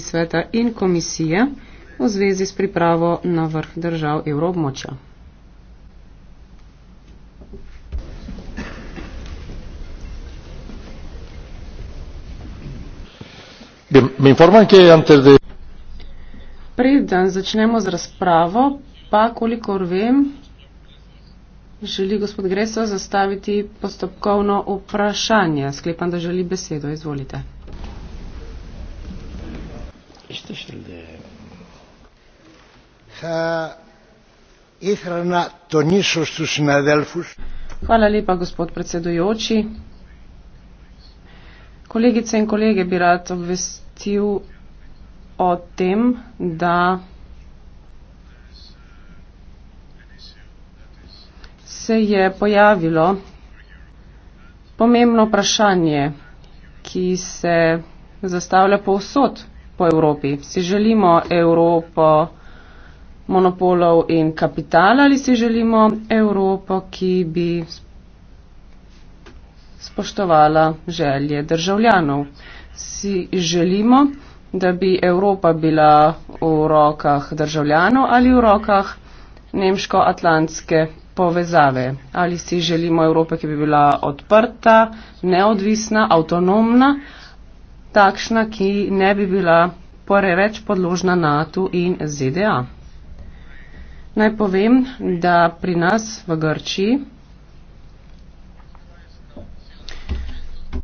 sveta in komisije v zvezi s pripravo na vrh držav evroobmoča. Preden začnemo z razpravo, pa kolikor vem, želi gospod Gresa zastaviti postopkovno vprašanje. Sklepam, da želi besedo. Izvolite. Isto šelde... Ha, ήθελα να τονίσω στους συναδέλφους. Hvala lepa, gospod predsedujoči. Kolegice in kolege, bi rad obvestil o tem, da se je pojavilo pomembno vprašanje, ki se zastavlja povsod po Evropi? Si želimo Evropo monopolov in kapitala ali si želimo Evropo, ki bi spoštovala želje državljanov? Si želimo, da bi Evropa bila v rokah državljanov ali v rokah nemško-atlantske povezave? Ali si želimo Evropo, ki bi bila odprta, neodvisna, avtonomna? takšna, ki ne bi bila preveč podložna NATO in ZDA. Naj povem, da pri nas v Grči.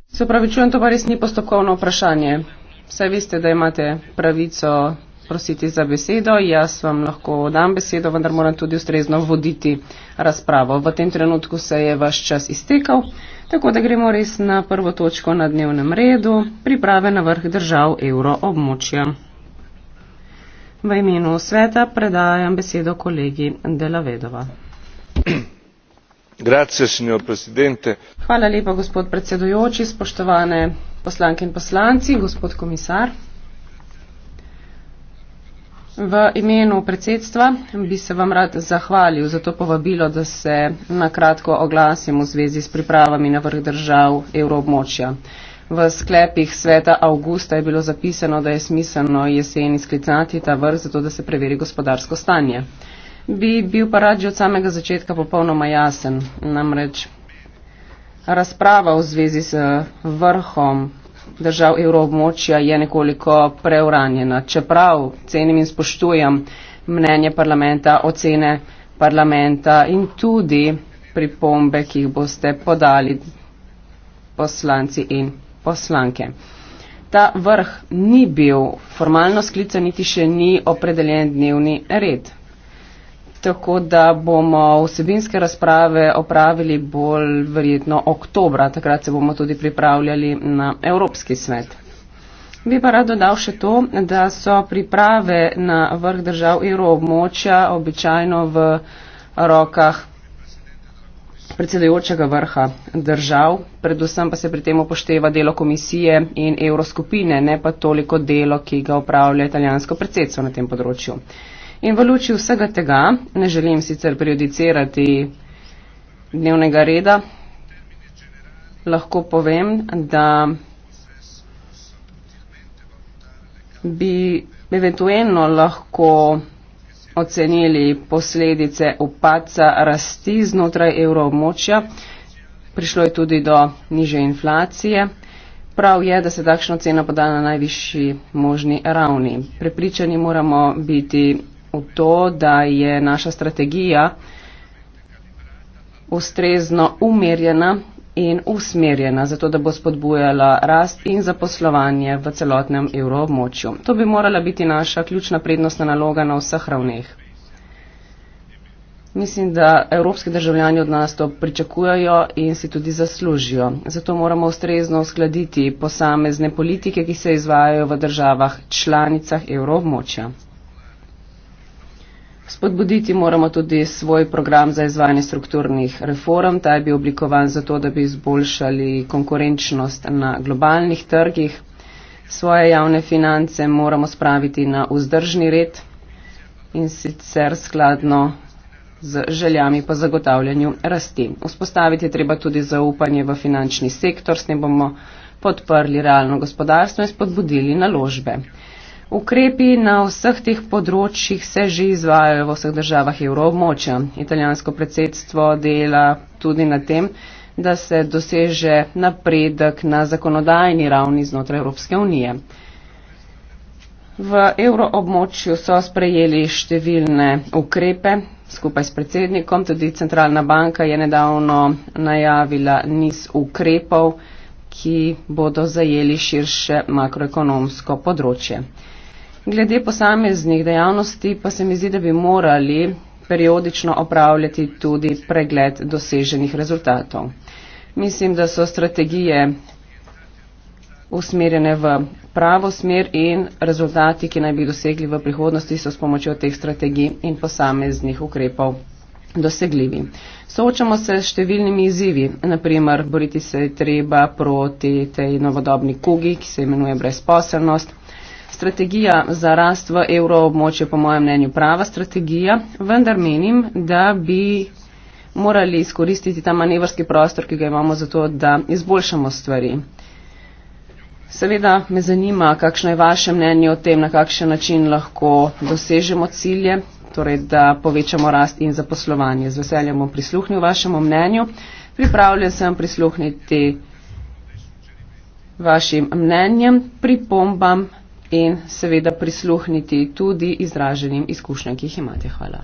Se pravi, čujem, to pa res ni postopkovno vprašanje. Vse veste, da imate pravico prositi za besedo. Jaz vam lahko dam besedo, vendar moram tudi ustrezno voditi razpravo. V tem trenutku se je vaš čas iztekal. Tako da gremo res na prvo točko na dnevnem redu, priprave na vrh držav evroobmočja. V imenu sveta predajam besedo kolegi Delavedova. Grazie, signor Presidente. Hvala lepa, gospod predsedujoči, spoštovane poslanke in poslanci, gospod komisar. V imenu predsedstva bi se vam rad zahvalil za to povabilo, da se nakratko oglasim v zvezi s pripravami na vrh držav evroobmočja. V sklepih sveta avgusta je bilo zapisano, da je smiselno jeseni sklicati ta vrh, zato da se preveri gospodarsko stanje. Bi bil pa rad že od samega začetka popolnoma jasen. Namreč razprava v zvezi s vrhom držav evroobmočja je nekoliko preuranjena. Čeprav cenim in spoštujem mnenje parlamenta, ocene parlamenta in tudi pripombe, ki jih boste podali poslanci in poslanke. Ta vrh ni bil formalno sklican, niti še ni opredeljen dnevni red. Tako da bomo vsebinske razprave opravili bolj verjetno oktobra, takrat se bomo tudi pripravljali na Evropski svet. Bi pa rad dodal še to, da so priprave na vrh držav evroobmočja običajno v rokah predsedujočega vrha držav, predvsem pa se pri tem upošteva delo komisije in evroskupine, ne pa toliko delo, ki ga upravlja italijansko predsedstvo na tem področju. In v luči vsega tega ne želim sicer prejudicirati dnevnega reda, lahko povem, da bi eventualno lahko ocenili posledice upadca rasti znotraj evroobmočja. Prišlo je tudi do niže inflacije. Prav je, da se takšna cena poda na najvišji možni ravni. Prepričani moramo biti, v to, da je naša strategija ustrezno umerjena in usmerjena, zato da bo spodbujala rast in zaposlovanje v celotnem evroobmočju. To bi morala biti naša ključna prednostna naloga na vseh ravneh. Mislim, da evropski državljani od nas to pričakujejo in si tudi zaslužijo. Zato moramo ustrezno uskladiti posamezne politike, ki se izvajajo v državah članicah evroobmočja. Spodbuditi moramo tudi svoj program za izvajanje strukturnih reform. Ta je bil oblikovan zato, da bi izboljšali konkurenčnost na globalnih trgih. Svoje javne finance moramo spraviti na vzdržni red in sicer skladno z željami po zagotavljanju rasti. Vzpostaviti je treba tudi zaupanje v finančni sektor, s tem bomo podprli realno gospodarstvo in spodbudili naložbe. Ukrepi na vseh teh področjih se že izvajajo v vseh državah evroobmočja. Italijansko predsedstvo dela tudi na tem, da se doseže napredek na zakonodajni ravni znotraj Evropske unije. V evroobmočju so sprejeli številne ukrepe skupaj s predsednikom, tudi Centralna banka je nedavno najavila niz ukrepov, ki bodo zajeli širše makroekonomsko področje. Glede posameznih dejavnosti pa se mi zdi, da bi morali periodično opravljati tudi pregled doseženih rezultatov. Mislim, da so strategije usmerjene v pravo smer in rezultati, ki naj bi dosegli v prihodnosti, so s pomočjo teh strategij in posameznih ukrepov dosegljivi. Soočamo se s številnimi izzivi, naprimer boriti se treba proti tej novodobni kugi, ki se imenuje brezposelnost, strategija za rast v evroobmočju po mojem mnenju prava strategija, vendar menim, da bi morali izkoristiti ta manevrski prostor, ki ga imamo za to, da izboljšamo stvari. Seveda me zanima, kakšno je vaše mnenje o tem, na kakšen način lahko dosežemo cilje, torej da povečamo rast in zaposlovanje. Z veseljem bom prisluhnil vašemu mnenju. Pripravljen sem prisluhniti vašim mnenjem, pripombam in seveda prisluhniti tudi izraženim izkušnjam, ki jih imate. Hvala.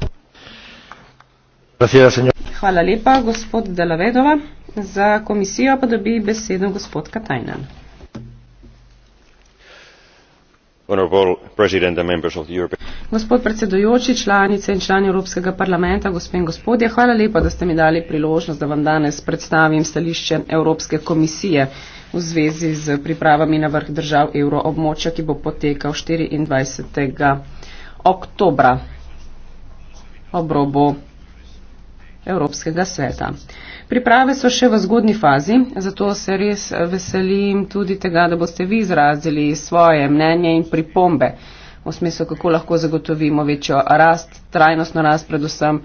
Hvala lepa, gospod Delavedova. Za komisijo pa dobi besedo gospod Katajnan. Gospod predsedujoči, članice in člani Evropskega parlamenta, gospe in gospodje, hvala lepa, da ste mi dali priložnost, da vam danes predstavim stališče Evropske komisije v zvezi z pripravami na vrh držav evroobmočja, ki bo potekal 24. oktobra ob robu Evropskega sveta. Priprave so še v zgodni fazi, zato se res veselim tudi tega, da boste vi izrazili svoje mnenje in pripombe v smislu, kako lahko zagotovimo večjo rast, trajnostno rast predvsem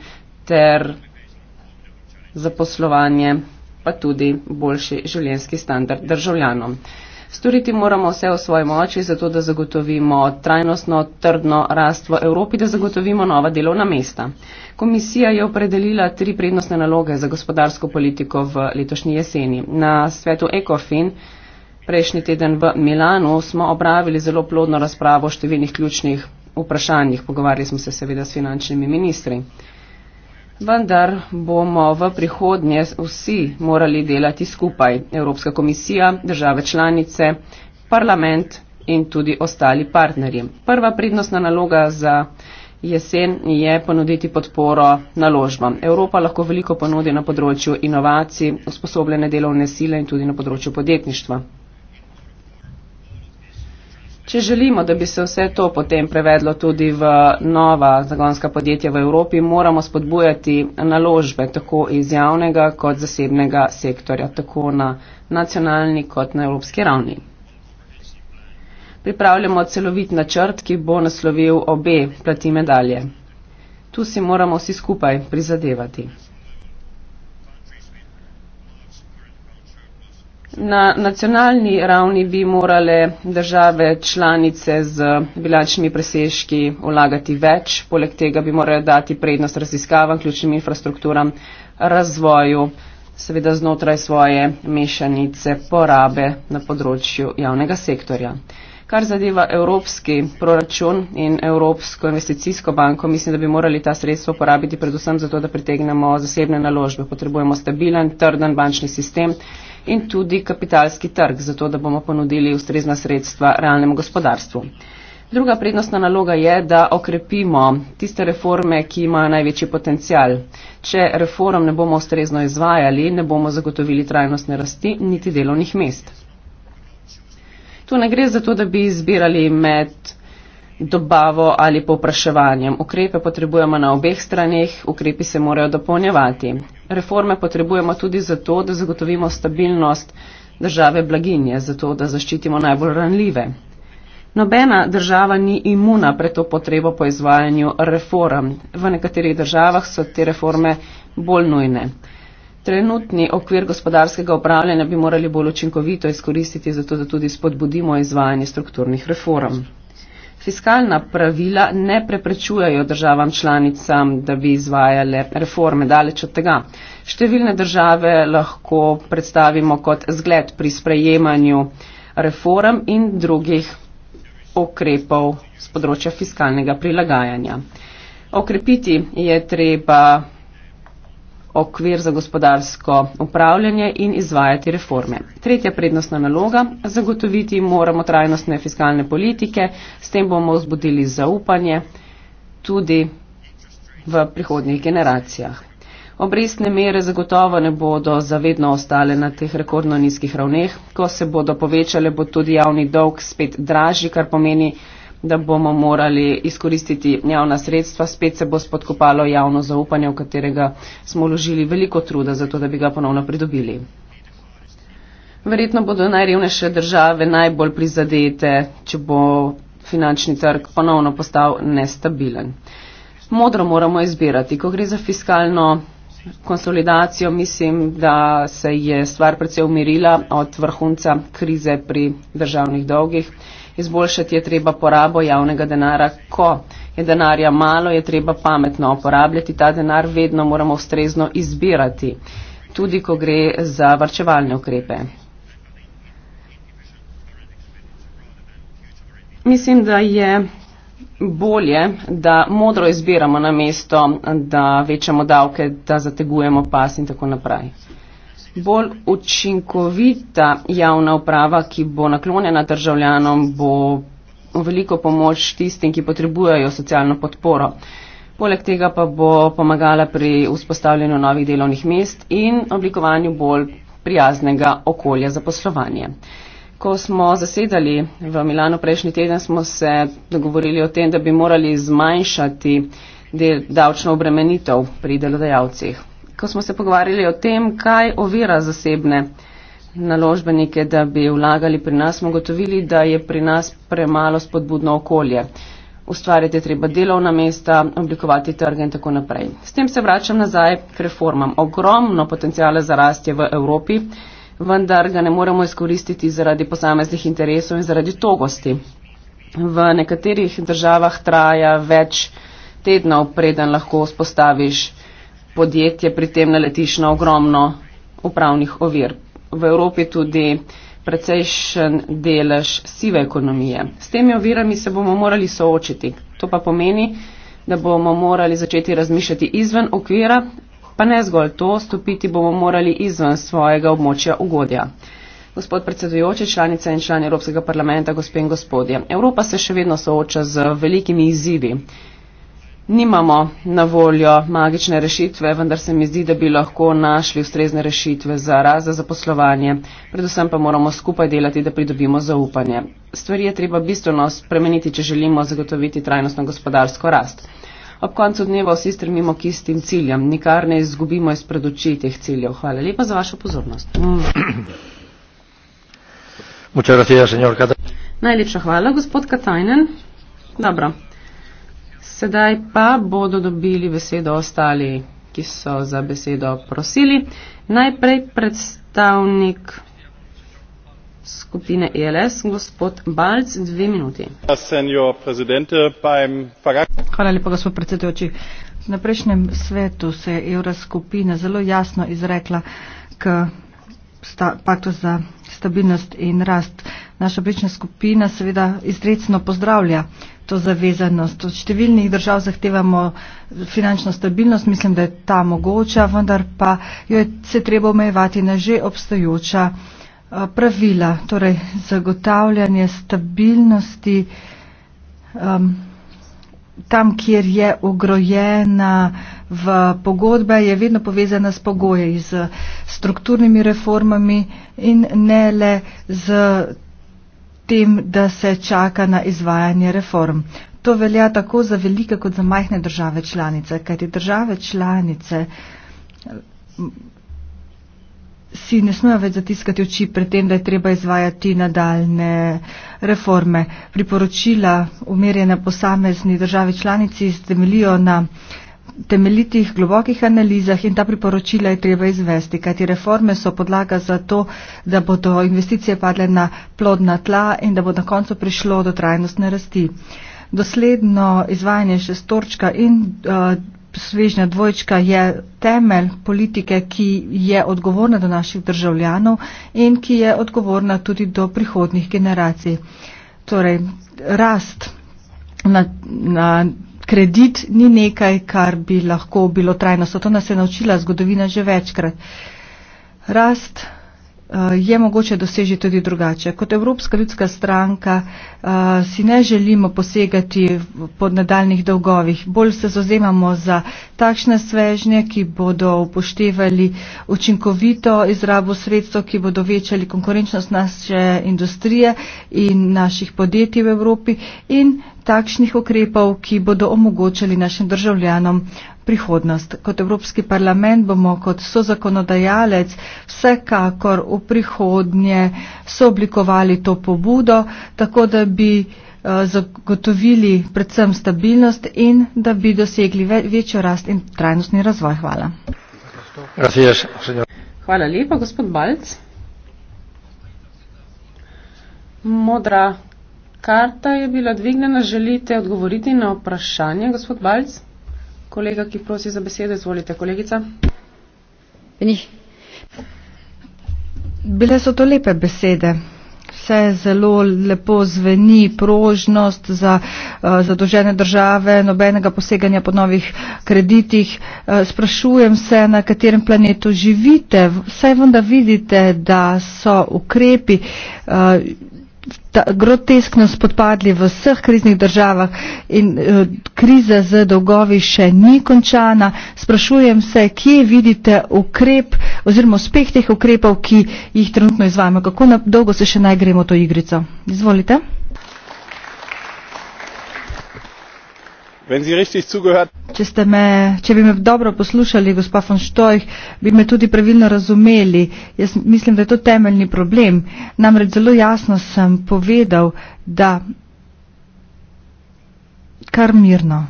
ter zaposlovanje pa tudi boljši življenski standard državljanom. Storiti moramo vse v svoji moči, zato da zagotovimo trajnostno, trdno rast v Evropi, da zagotovimo nova delovna mesta. Komisija je opredelila tri prednostne naloge za gospodarsko politiko v letošnji jeseni. Na svetu ECOFIN prejšnji teden v Milanu smo opravili zelo plodno razpravo o številnih ključnih vprašanjih. Pogovarjali smo se seveda s finančnimi ministri. Vendar bomo v prihodnje vsi morali delati skupaj. Evropska komisija, države članice, parlament in tudi ostali partnerji. Prva prednostna naloga za jesen je ponuditi podporo naložbam. Evropa lahko veliko ponudi na področju inovacij, usposobljene delovne sile in tudi na področju podjetništva. Če želimo, da bi se vse to potem prevedlo tudi v nova zagonska podjetja v Evropi, moramo spodbujati naložbe tako iz javnega kot zasebnega sektorja, tako na nacionalni kot na evropski ravni. Pripravljamo celovit načrt, ki bo naslovil obe plati medalje. Tu si moramo vsi skupaj prizadevati. Na nacionalni ravni bi morale države članice z bilančnimi presežki vlagati več, poleg tega bi morale dati prednost raziskavam, ključnim infrastrukturam, razvoju, seveda znotraj svoje mešanice porabe na področju javnega sektorja. Kar zadeva evropski proračun in Evropsko investicijsko banko, mislim, da bi morali ta sredstva uporabiti predvsem zato, da pritegnemo zasebne naložbe. Potrebujemo stabilen, trden bančni sistem in tudi kapitalski trg, zato da bomo ponudili ustrezna sredstva realnemu gospodarstvu. Druga prednostna naloga je, da okrepimo tiste reforme, ki imajo največji potencial. Če reform ne bomo ustrezno izvajali, ne bomo zagotovili trajnostne rasti niti delovnih mest. Tu ne gre za to, da bi izbirali med dobavo ali popraševanjem. Ukrepe potrebujemo na obeh stranih, ukrepi se morajo dopolnjevati. Reforme potrebujemo tudi zato, da zagotovimo stabilnost države blaginje, zato da zaščitimo najbolj ranljive. Nobena država ni imuna pred to potrebo po izvajanju reform. V nekaterih državah so te reforme bolj nujne trenutni okvir gospodarskega upravljanja bi morali bolj učinkovito izkoristiti, zato da tudi spodbudimo izvajanje strukturnih reform. Fiskalna pravila ne preprečujajo državam članicam, da bi izvajale reforme daleč od tega. Številne države lahko predstavimo kot zgled pri sprejemanju reform in drugih okrepov z področja fiskalnega prilagajanja. Okrepiti je treba okvir za gospodarsko upravljanje in izvajati reforme. Tretja prednostna naloga - zagotoviti moramo trajnostne fiskalne politike, s tem bomo vzbudili zaupanje tudi v prihodnjih generacijah. Obrestne mere zagotovo ne bodo zavedno ostale na teh rekordno nizkih ravneh, ko se bodo povečale, bo tudi javni dolg spet dražji, kar pomeni, da bomo morali izkoristiti javna sredstva, spet se bo spodkopalo javno zaupanje, v katerega smo vložili veliko truda, zato da bi ga ponovno pridobili. Verjetno bodo najrevnejše države najbolj prizadete, če bo finančni trg ponovno postal nestabilen. Modro moramo izbirati. Ko gre za fiskalno konsolidacijo, mislim, da se je stvar precej umirila od vrhunca krize pri državnih dolgih. Izboljšati je treba porabo javnega denara, ko je denarja malo, je treba pametno uporabljati ta denar, vedno moramo ustrezno izbirati, tudi ko gre za varčevalne ukrepe. Mislim, da je bolje, da modro izbiramo na mesto, da večamo davke, da zategujemo pas in tako naprej bolj učinkovita javna uprava, ki bo naklonjena državljanom, bo veliko pomoč tistim, ki potrebujejo socialno podporo. Poleg tega pa bo pomagala pri vzpostavljanju novih delovnih mest in oblikovanju bolj prijaznega okolja za poslovanje. Ko smo zasedali v Milano prejšnji teden, smo se dogovorili o tem, da bi morali zmanjšati del davčno obremenitev pri delodajalcih ko smo se pogovarjali o tem, kaj ovira zasebne naložbenike, da bi vlagali pri nas, smo gotovili, da je pri nas premalo spodbudno okolje. Ustvariti je treba delovna mesta, oblikovati trge in tako naprej. S tem se vračam nazaj k reformam. Ogromno potencijale za rast je v Evropi, vendar ga ne moremo izkoristiti zaradi posameznih interesov in zaradi togosti. V nekaterih državah traja več tednov, preden lahko vzpostaviš podjetje pri tem naletiš na ogromno upravnih ovir. V Evropi tudi precejšen delež sive ekonomije. S temi ovirami se bomo morali soočiti. To pa pomeni, da bomo morali začeti razmišljati izven okvira, pa ne zgolj to, stopiti bomo morali izven svojega območja ugodja. Gospod predsedujoči, članice in člani Evropskega parlamenta, gospe in gospodje, Evropa se še vedno sooča z velikimi izzivi nimamo na voljo magične rešitve, vendar se mi zdi, da bi lahko našli ustrezne rešitve za raz za poslovanje. Predvsem pa moramo skupaj delati, da pridobimo zaupanje. Stvari je treba bistveno spremeniti, če želimo zagotoviti trajnostno gospodarsko rast. Ob koncu dneva vsi strmimo k istim ciljem, nikar ne izgubimo izpred oči teh ciljev. Hvala lepa za vašo pozornost. Gracias, señor Katainen. Najlepša hvala, gospod Katainen. Dobro. Sedaj pa bodo dobili besedo ostali, ki so za besedo prosili. Najprej predstavnik skupine ELS, gospod Balc, dve minuti. Hvala lepa, gospod predsedujoči. Na prejšnjem svetu se je Euroskupina zelo jasno izrekla k sta, paktu za stabilnost in rast. Naša prejšnja skupina seveda izredno pozdravlja to zavezanost. Od številnih držav zahtevamo finančno stabilnost, mislim, da je ta mogoča, vendar pa jo je se treba omejevati na že obstojoča eh, pravila, torej zagotavljanje stabilnosti um, tam, kjer je ogrojena v pogodbe, je vedno povezana s pogoji, z strukturnimi reformami in ne le z tem, da se čaka na izvajanje reform. To velja tako za velike kot za majhne države članice, kajti države članice si ne smejo več zatiskati oči pred tem, da je treba izvajati nadaljne reforme. Priporočila umerjene posamezni državi članici temelijo na temeljitih, globokih analizah in ta priporočila je treba izvesti, kajti reforme so podlaga za to, da bodo investicije padle na plodna tla in da bo na koncu prišlo do trajnostne rasti. Dosledno izvajanje šestorčka in uh, svežnja dvojčka je temelj politike, ki je odgovorna do naših državljanov in ki je odgovorna tudi do prihodnih generacij. Torej, rast na, na kredit ni nekaj, kar bi lahko bilo trajno. So to nas je naučila zgodovina že večkrat. Rast eh, je mogoče doseži tudi drugače. Kot Evropska ljudska stranka eh, si ne želimo posegati pod nadaljnih dolgovih. Bolj se zozemamo za takšne svežnje, ki bodo upoštevali učinkovito izrabo sredstev, ki bodo večali konkurenčnost naše industrije in naših podjetij v Evropi in takšnih ukrepov, ki bodo omogočili našim državljanom prihodnost. Kot Evropski parlament bomo kot sozakonodajalec vsekakor v prihodnje sooblikovali to pobudo, tako da bi eh, zagotovili predvsem stabilnost in da bi dosegli večjo rast in trajnostni razvoj. Hvala. Hvala lepa, gospod Balc. Modra Karta je bila dvignjena. Želite odgovoriti na vprašanje, gospod Balc? Kolega, ki prosi za besedo, izvolite, kolegica. Ni. Bile so to lepe besede. Vse zelo lepo zveni, prožnost za eh, zadožene države, nobenega poseganja po novih kreditih. Eh, sprašujem se, na katerem planetu živite. Vse vendar vidite, da so ukrepi eh, ta, groteskno spodpadli v vseh kriznih državah in uh, kriza z dolgovi še ni končana. Sprašujem se, kje vidite ukrep oziroma uspeh teh ukrepov, ki jih trenutno izvajamo. Kako na, dolgo se še naj gremo to igrico? Izvolite. Če, ste me, če bi me dobro poslušali, gospod von Štojh, bi me tudi pravilno razumeli. Jaz mislim, da je to temeljni problem. Namreč zelo jasno sem povedal, da kar mirno,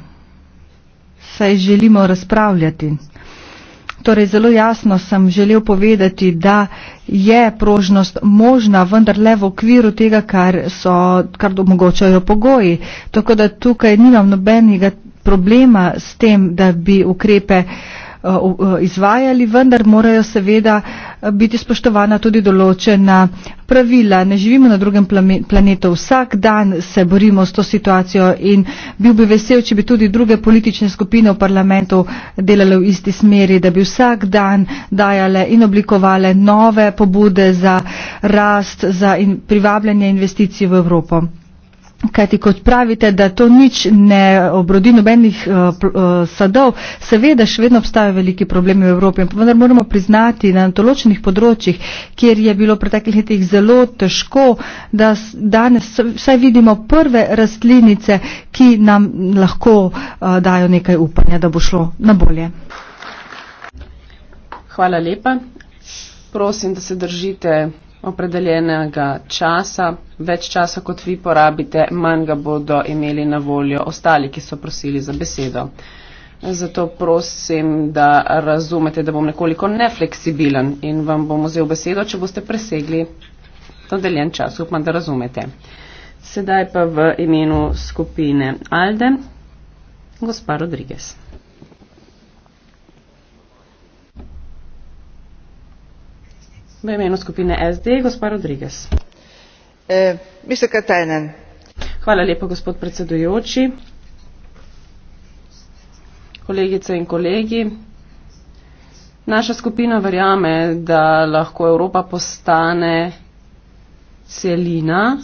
saj želimo razpravljati. Torej, zelo jasno sem želel povedati, da je prožnost možna, vendar le v okviru tega, kar, so, kar omogočajo pogoji. Tako da tukaj nimam nobenega problema s tem, da bi ukrepe uh, Eh, izvajali, vendar morajo seveda eh, biti spoštovana tudi določena pravila. Ne živimo na drugem planetu, vsak dan se borimo s to situacijo in bil bi vesel, če bi tudi druge politične skupine v parlamentu delale v isti smeri, da bi vsak dan dajale in oblikovale nove pobude za rast, za in privabljanje investicij v Evropo. Kajti, kot pravite, da to nič ne obrodi nobenih uh, sadov, seveda še vedno obstajajo veliki problemi v Evropi, vendar moramo priznati na določenih področjih, kjer je bilo v preteklih letih zelo težko, da danes vsaj vidimo prve rastlinice, ki nam lahko uh, dajo nekaj upanja, da bo šlo na bolje. Hvala lepa. Prosim, da se držite opredeljenega časa, več časa kot vi porabite, manj ga bodo imeli na voljo ostali, ki so prosili za besedo. Zato prosim, da razumete, da bom nekoliko nefleksibilen in vam bom vzel besedo, če boste presegli dodeljen čas. Upam, da razumete. Sedaj pa v imenu skupine Alde, gospa Rodriguez. V imenu skupine SD, gospod Rodriguez. Eh, Mr. Katajnen. Hvala lepa, gospod predsedujoči. Kolegice in kolegi. Naša skupina verjame, da lahko Evropa postane celina,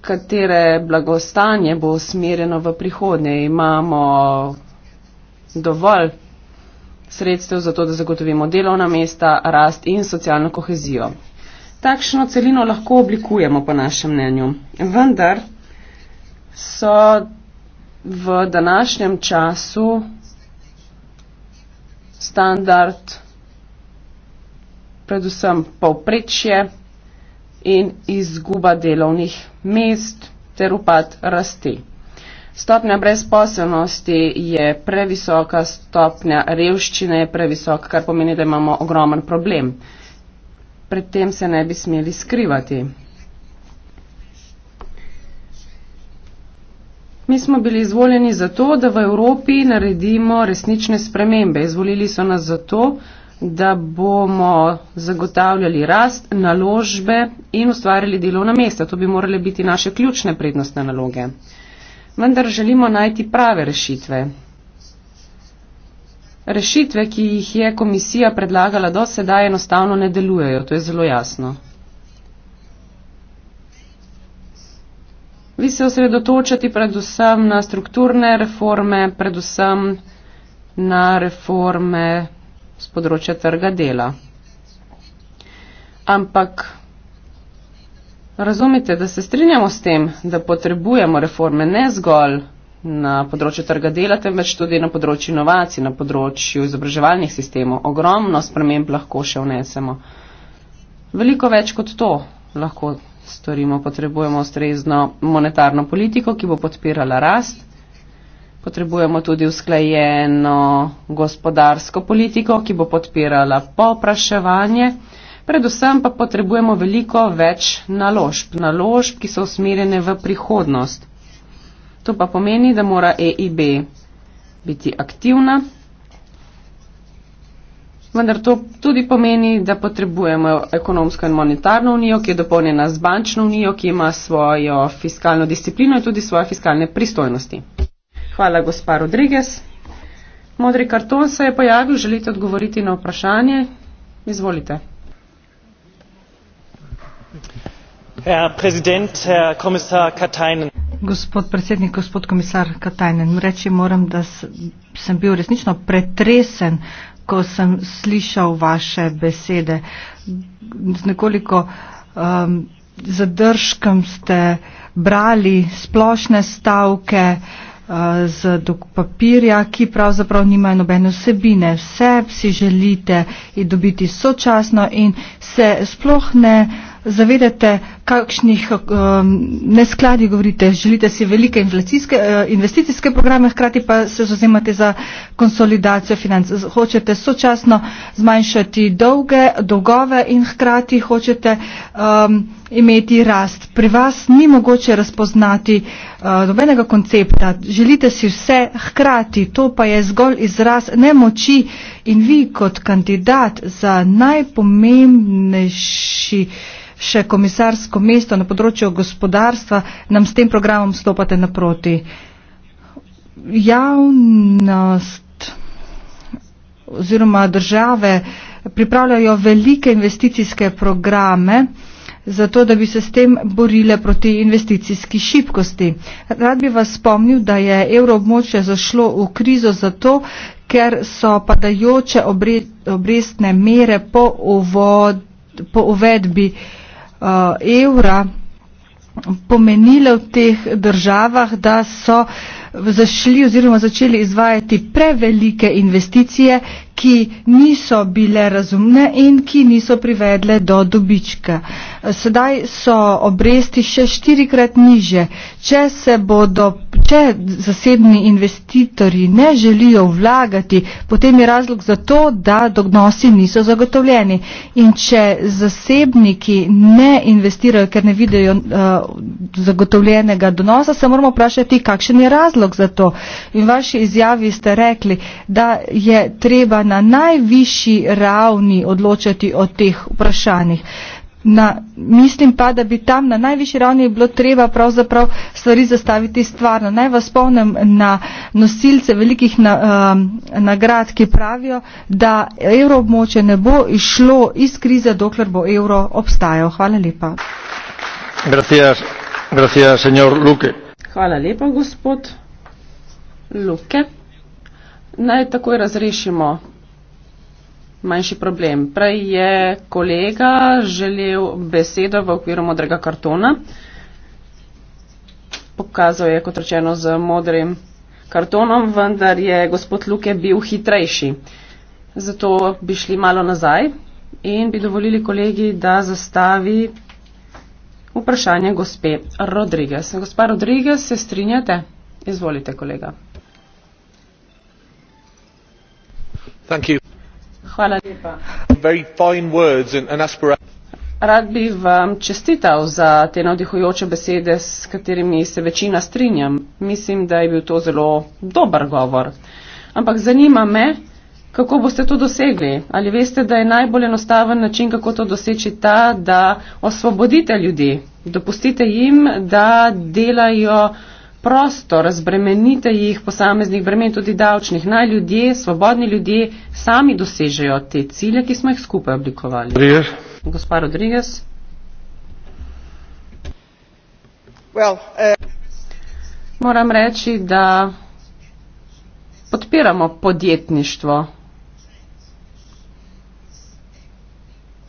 katere blagostanje bo usmerjeno v prihodnje. Imamo dovolj sredstev za to, da zagotovimo delovna mesta, rast in socialno kohezijo. Takšno celino lahko oblikujemo, po našem mnenju. Vendar so v današnjem času standard predvsem povprečje in izguba delovnih mest ter upad rasti. Stopnja brezposelnosti je previsoka, stopnja revščine je previsoka, kar pomeni, da imamo ogromen problem. Pred tem se ne bi smeli skrivati. Mi smo bili izvoljeni zato, da v Evropi naredimo resnične spremembe. Izvolili so nas zato, da bomo zagotavljali rast, naložbe in ustvarjali delovna mesta. To bi morale biti naše ključne prednostne naloge vendar želimo najti prave rešitve. Rešitve, ki jih je komisija predlagala do sedaj, enostavno ne delujejo, to je zelo jasno. Vi se osredotočate predvsem na strukturne reforme, predvsem na reforme z področja trga dela. Ampak Razumite, da se strinjamo s tem, da potrebujemo reforme ne zgolj na področju trga dela, temveč tudi na področju inovacij, na področju izobraževalnih sistemov. Ogromno sprememb lahko še vnesemo. Veliko več kot to lahko storimo. Potrebujemo ustrezno monetarno politiko, ki bo podpirala rast. Potrebujemo tudi usklajeno gospodarsko politiko, ki bo podpirala popraševanje. Predvsem pa potrebujemo veliko več naložb, naložb, ki so usmerjene v prihodnost. To pa pomeni, da mora EIB biti aktivna, vendar to tudi pomeni, da potrebujemo ekonomsko in monetarno unijo, ki je dopolnjena z bančno unijo, ki ima svojo fiskalno disciplino in tudi svoje fiskalne pristojnosti. Hvala, gospa Rodriguez. Modri karton se je pojavil, želite odgovoriti na vprašanje? Izvolite gospod predsednik, gospod komisar Katajnen, reči moram, da sem bil resnično pretresen, ko sem slišal vaše besede. Z nekoliko um, zadržkom ste brali splošne stavke uh, z papirja, ki pravzaprav nimajo nobene vsebine. Vse si želite dobiti sočasno in se sploh ne. Uh, zavedate, kakšnih um, neskladij govorite. Želite si velike eh, investicijske programe, hkrati pa se zauzemate za konsolidacijo financ. Hočete sočasno zmanjšati dolge, dolgove in hkrati hočete. Um, imeti rast. Pri vas ni mogoče razpoznati eh, nobenega uh, koncepta. Želite si vse hkrati, to pa je zgolj izraz nemoči in vi kot kandidat za najpomembnejši še komisarsko mesto na področju gospodarstva nam s tem programom stopate naproti. Javnost oziroma države pripravljajo velike investicijske programe, zato da bi se s tem borile proti investicijski šibkosti. Rad bi vas spomnil, da je evroobmočje zašlo v krizo zato, ker so padajoče obrestne mere po, uvod, po uvedbi uh, evra pomenile v teh državah, da so zašli oziroma začeli izvajati prevelike investicije, ki niso bile razumne in ki niso privedle do dobička. Sedaj so obresti še štirikrat niže. Če, bodo, če zasebni investitorji ne želijo vlagati, potem je razlog za to, da dognosi niso zagotovljeni. In če zasebniki ne investirajo, ker ne vidijo uh, zagotovljenega donosa, se moramo vprašati, kakšen je razlog za to. In v vaši izjavi ste rekli, da je treba na najvišji ravni odločati o teh vprašanjih. Na, mislim pa, da bi tam na najvišji ravni bilo treba pravzaprav stvari zastaviti stvarno. Naj vas spomnim na nosilce velikih na, uh, nagrad, ki pravijo, da evroobmoče ne bo išlo iz krize, dokler bo evro obstajal. Hvala lepa. Gracias, gracias, Luke. Hvala lepa, gospod Luke. Naj takoj razrešimo manjši problem. Prej je kolega želel besedo v okviru modrega kartona. Pokazal je, kot rečeno, z modrim kartonom, vendar je gospod Luke bil hitrejši. Zato bi šli malo nazaj in bi dovolili kolegi, da zastavi vprašanje gospe Rodriguez. Gospa Rodriguez, se strinjate? Izvolite, kolega. Thank you. Rad bi vam čestital za te navdihujoče besede, s katerimi se večina strinjam. Mislim, da je bil to zelo dober govor. Ampak zanima me, kako boste to dosegli. Ali veste, da je najbolj enostaven način, kako to doseči ta, da osvobodite ljudi, dopustite jim, da delajo prosto, razbremenite jih posameznih bremen, tudi davčnih. Naj ljudje, svobodni ljudje, sami dosežejo te cilje, ki smo jih skupaj oblikovali. Gospod Rodriguez. Well, uh... Moram reči, da podpiramo podjetništvo.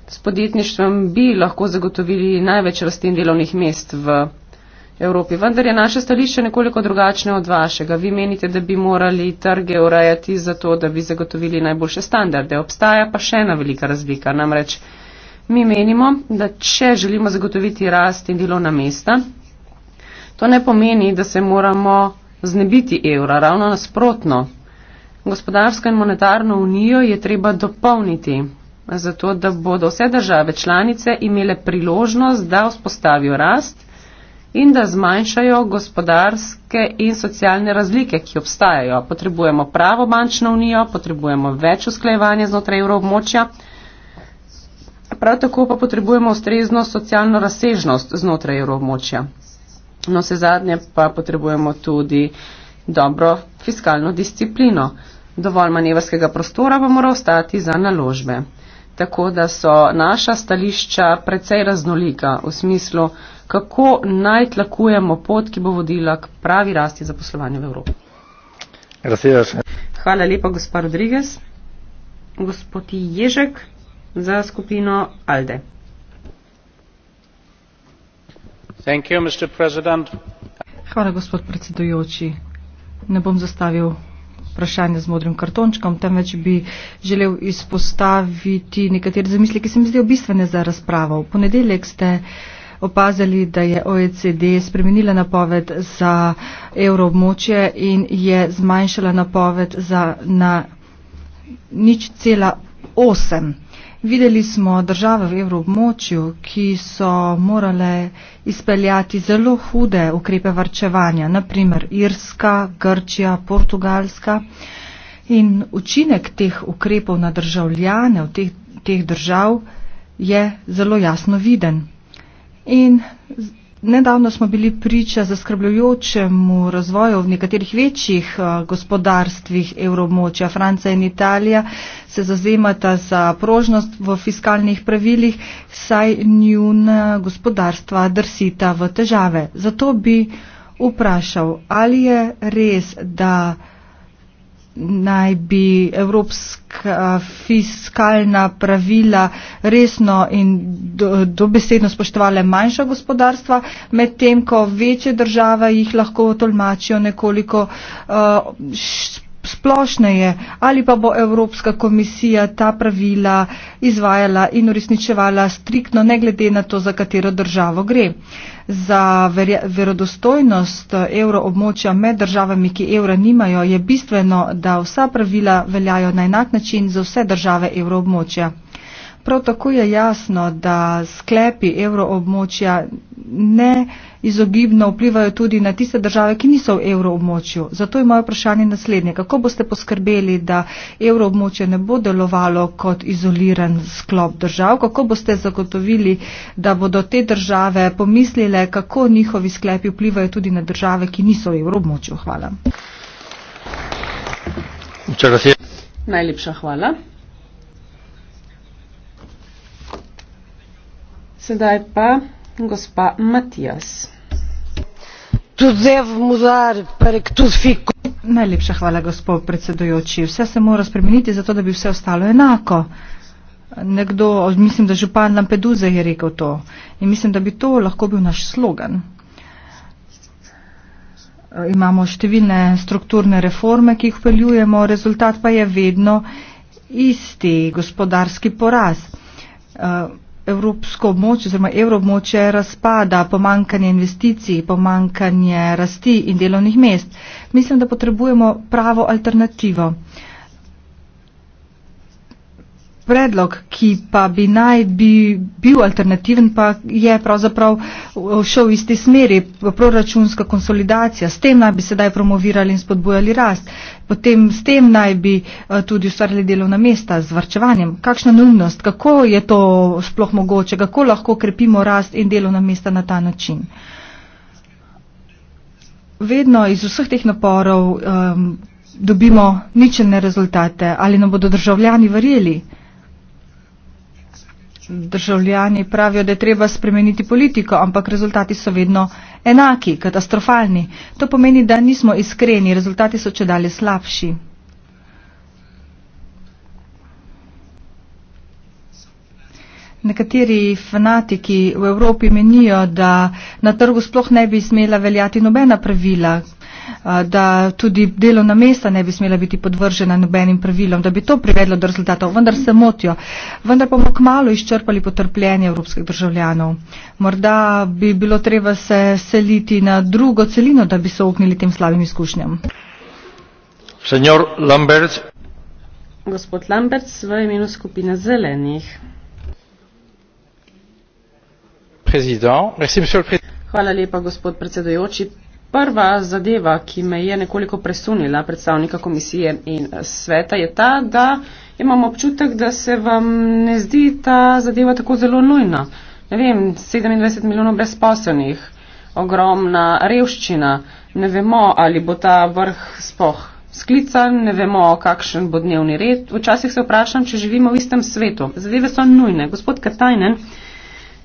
S podjetništvom bi lahko zagotovili največ rasti delovnih mest v Evropi. Vendar je naše stališče nekoliko drugačne od vašega. Vi menite, da bi morali trge urejati zato, da bi zagotovili najboljše standarde. Obstaja pa še ena velika razlika. Namreč mi menimo, da če želimo zagotoviti rast in delovna mesta, to ne pomeni, da se moramo znebiti evra. Ravno nasprotno. Gospodarsko in monetarno unijo je treba dopolniti zato, da bodo vse države članice imele priložnost, da vzpostavijo rast in da zmanjšajo gospodarske in socialne razlike, ki obstajajo. Potrebujemo pravo bančno unijo, potrebujemo več usklejevanja znotraj evroobmočja, prav tako pa potrebujemo ustrezno socialno razsežnost znotraj evroobmočja. No se zadnje pa potrebujemo tudi dobro fiskalno disciplino. Dovolj manevrskega prostora pa mora ostati za naložbe. Tako da so naša stališča precej raznolika v smislu, kako naj tlakujemo pot, ki bo vodila k pravi rasti zaposlovanja v Evropi. Hvala lepa, gospod Rodriguez. Gospod Ježek za skupino Alde. Thank you, Mr. President. Hvala, gospod predsedujoči. Ne bom zastavil vprašanje z modrim kartončkom, temveč bi želel izpostaviti nekatere zamisli, ki se mi zdijo bistvene za razpravo. V ponedeljek ste uh, opazili, da je OECD spremenila napoved za evroobmočje in je zmanjšala napoved za, na nič cela osem. Videli smo države v evroobmočju, ki so morale izpeljati zelo hude ukrepe varčevanja, naprimer Irska, Grčija, Portugalska. In učinek teh ukrepov na državljane v teh, teh držav je zelo jasno viden. In nedavno smo bili priča zaskrbljujočemu razvoju v nekaterih večjih eh, gospodarstvih evromočja. Francija in Italija se zazemata za prožnost v fiskalnih pravilih, saj njuna gospodarstva drsita v težave. Zato bi vprašal, ali je res, da naj bi evropska fiskalna pravila resno in dobesedno spoštovale manjša gospodarstva, medtem ko večje države jih lahko tolmačijo nekoliko uh, splošneje, ali pa bo Evropska komisija ta pravila izvajala in uresničevala striktno, ne glede na to, za katero državo gre. Za ver verodostojnost eh, evroobmočja med državami, ki evra nimajo, je bistveno, da vsa pravila veljajo na enak način za vse države evroobmočja. Prav tako je jasno, da sklepi evroobmočja ne izogibno vplivajo tudi na tiste države, ki niso v evroobmočju. Zato je moje vprašanje naslednje. Kako boste poskrbeli, da evroobmočje ne bo delovalo kot izoliran sklop držav? Kako boste zagotovili, da bodo te države pomislile, kako njihovi sklepi vplivajo tudi na države, ki niso v evroobmočju? Hvala. Najlepša hvala. Sedaj pa Gospa Matijas. Tudi zev mudar, pa k tudi fiko. Najlepša hvala, gospod predsedujoči. Vse se mora spremeniti, zato da bi vse ostalo enako. Nekdo, mislim, da župan Lampeduze je rekel to. In mislim, da bi to lahko bil naš slogan. Imamo številne strukturne reforme, ki jih peljujemo, rezultat pa je vedno isti gospodarski poraz. Uh, evropsko območje oziroma evroobmočje razpada, pomankanje investicij, pomankanje rasti in delovnih mest. Mislim, da potrebujemo pravo alternativo predlog, ki pa bi naj bi bil alternativen, pa je pravzaprav eh, šel v isti smeri, proračunska konsolidacija. S tem naj bi sedaj promovirali in spodbujali rast. Potem s tem naj bi eh, tudi ustvarili delovna mesta z vrčevanjem. Kakšna nujnost, kako je to sploh mogoče, kako lahko krepimo rast in delovna mesta na ta način. Vedno iz vseh teh naporov um, dobimo ničelne rezultate. Ali nam bodo državljani verjeli? državljani pravijo, da je treba spremeniti politiko, ampak rezultati so vedno enaki, katastrofalni. To pomeni, da nismo iskreni, rezultati so če dalje slabši. Nekateri fanatiki v Evropi menijo, da na trgu sploh ne bi smela veljati nobena pravila, da tudi delovna mesta ne bi smela biti podvržena nobenim pravilom, da bi to privedlo do rezultatov, vendar se motijo. Vendar bomo kmalo izčrpali potrpljenje evropskih državljanov. Morda bi bilo treba se seliti na drugo celino, da bi se oknili tem slabim izkušnjam. Senor Lambert. Gospod Lambert, v imenu skupine zelenih. Hvala lepa, gospod predsedujoči. Prva zadeva, ki me je nekoliko presunila predstavnika komisije in eh, sveta, je ta, da imam občutek, da se vam ne zdi ta zadeva tako zelo nujna. Ne vem, 27 milijonov brezposobnih, ogromna revščina, ne vemo, ali bo ta vrh spoh sklican, ne vemo, kakšen bo dnevni red. Včasih se vprašam, če živimo v istem svetu. Zadeve so nujne. Gospod Katajnen.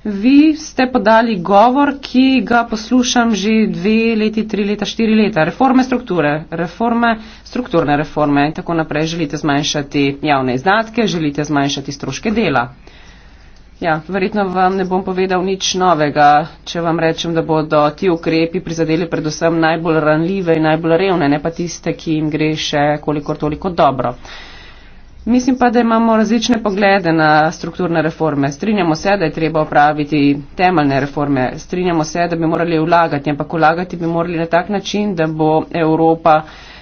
Vi ste podali govor, ki ga poslušam že dve leti, tri leta, štiri leta. Reforme strukture, reforme, strukturne reforme in tako naprej. Želite zmanjšati javne izdatke, želite zmanjšati stroške dela. Ja, verjetno vam ne bom povedal nič novega, če vam rečem, da bodo ti ukrepi prizadeli predvsem najbolj ranljive in najbolj revne, ne pa tiste, ki jim gre še kolikor toliko dobro. Uh, Mislim pa, da imamo različne poglede na strukturne reforme. Strinjamo se, da je treba opraviti temeljne reforme. Strinjamo se, da bi morali vlagati, ampak vlagati bi morali na tak način, da bo Evropa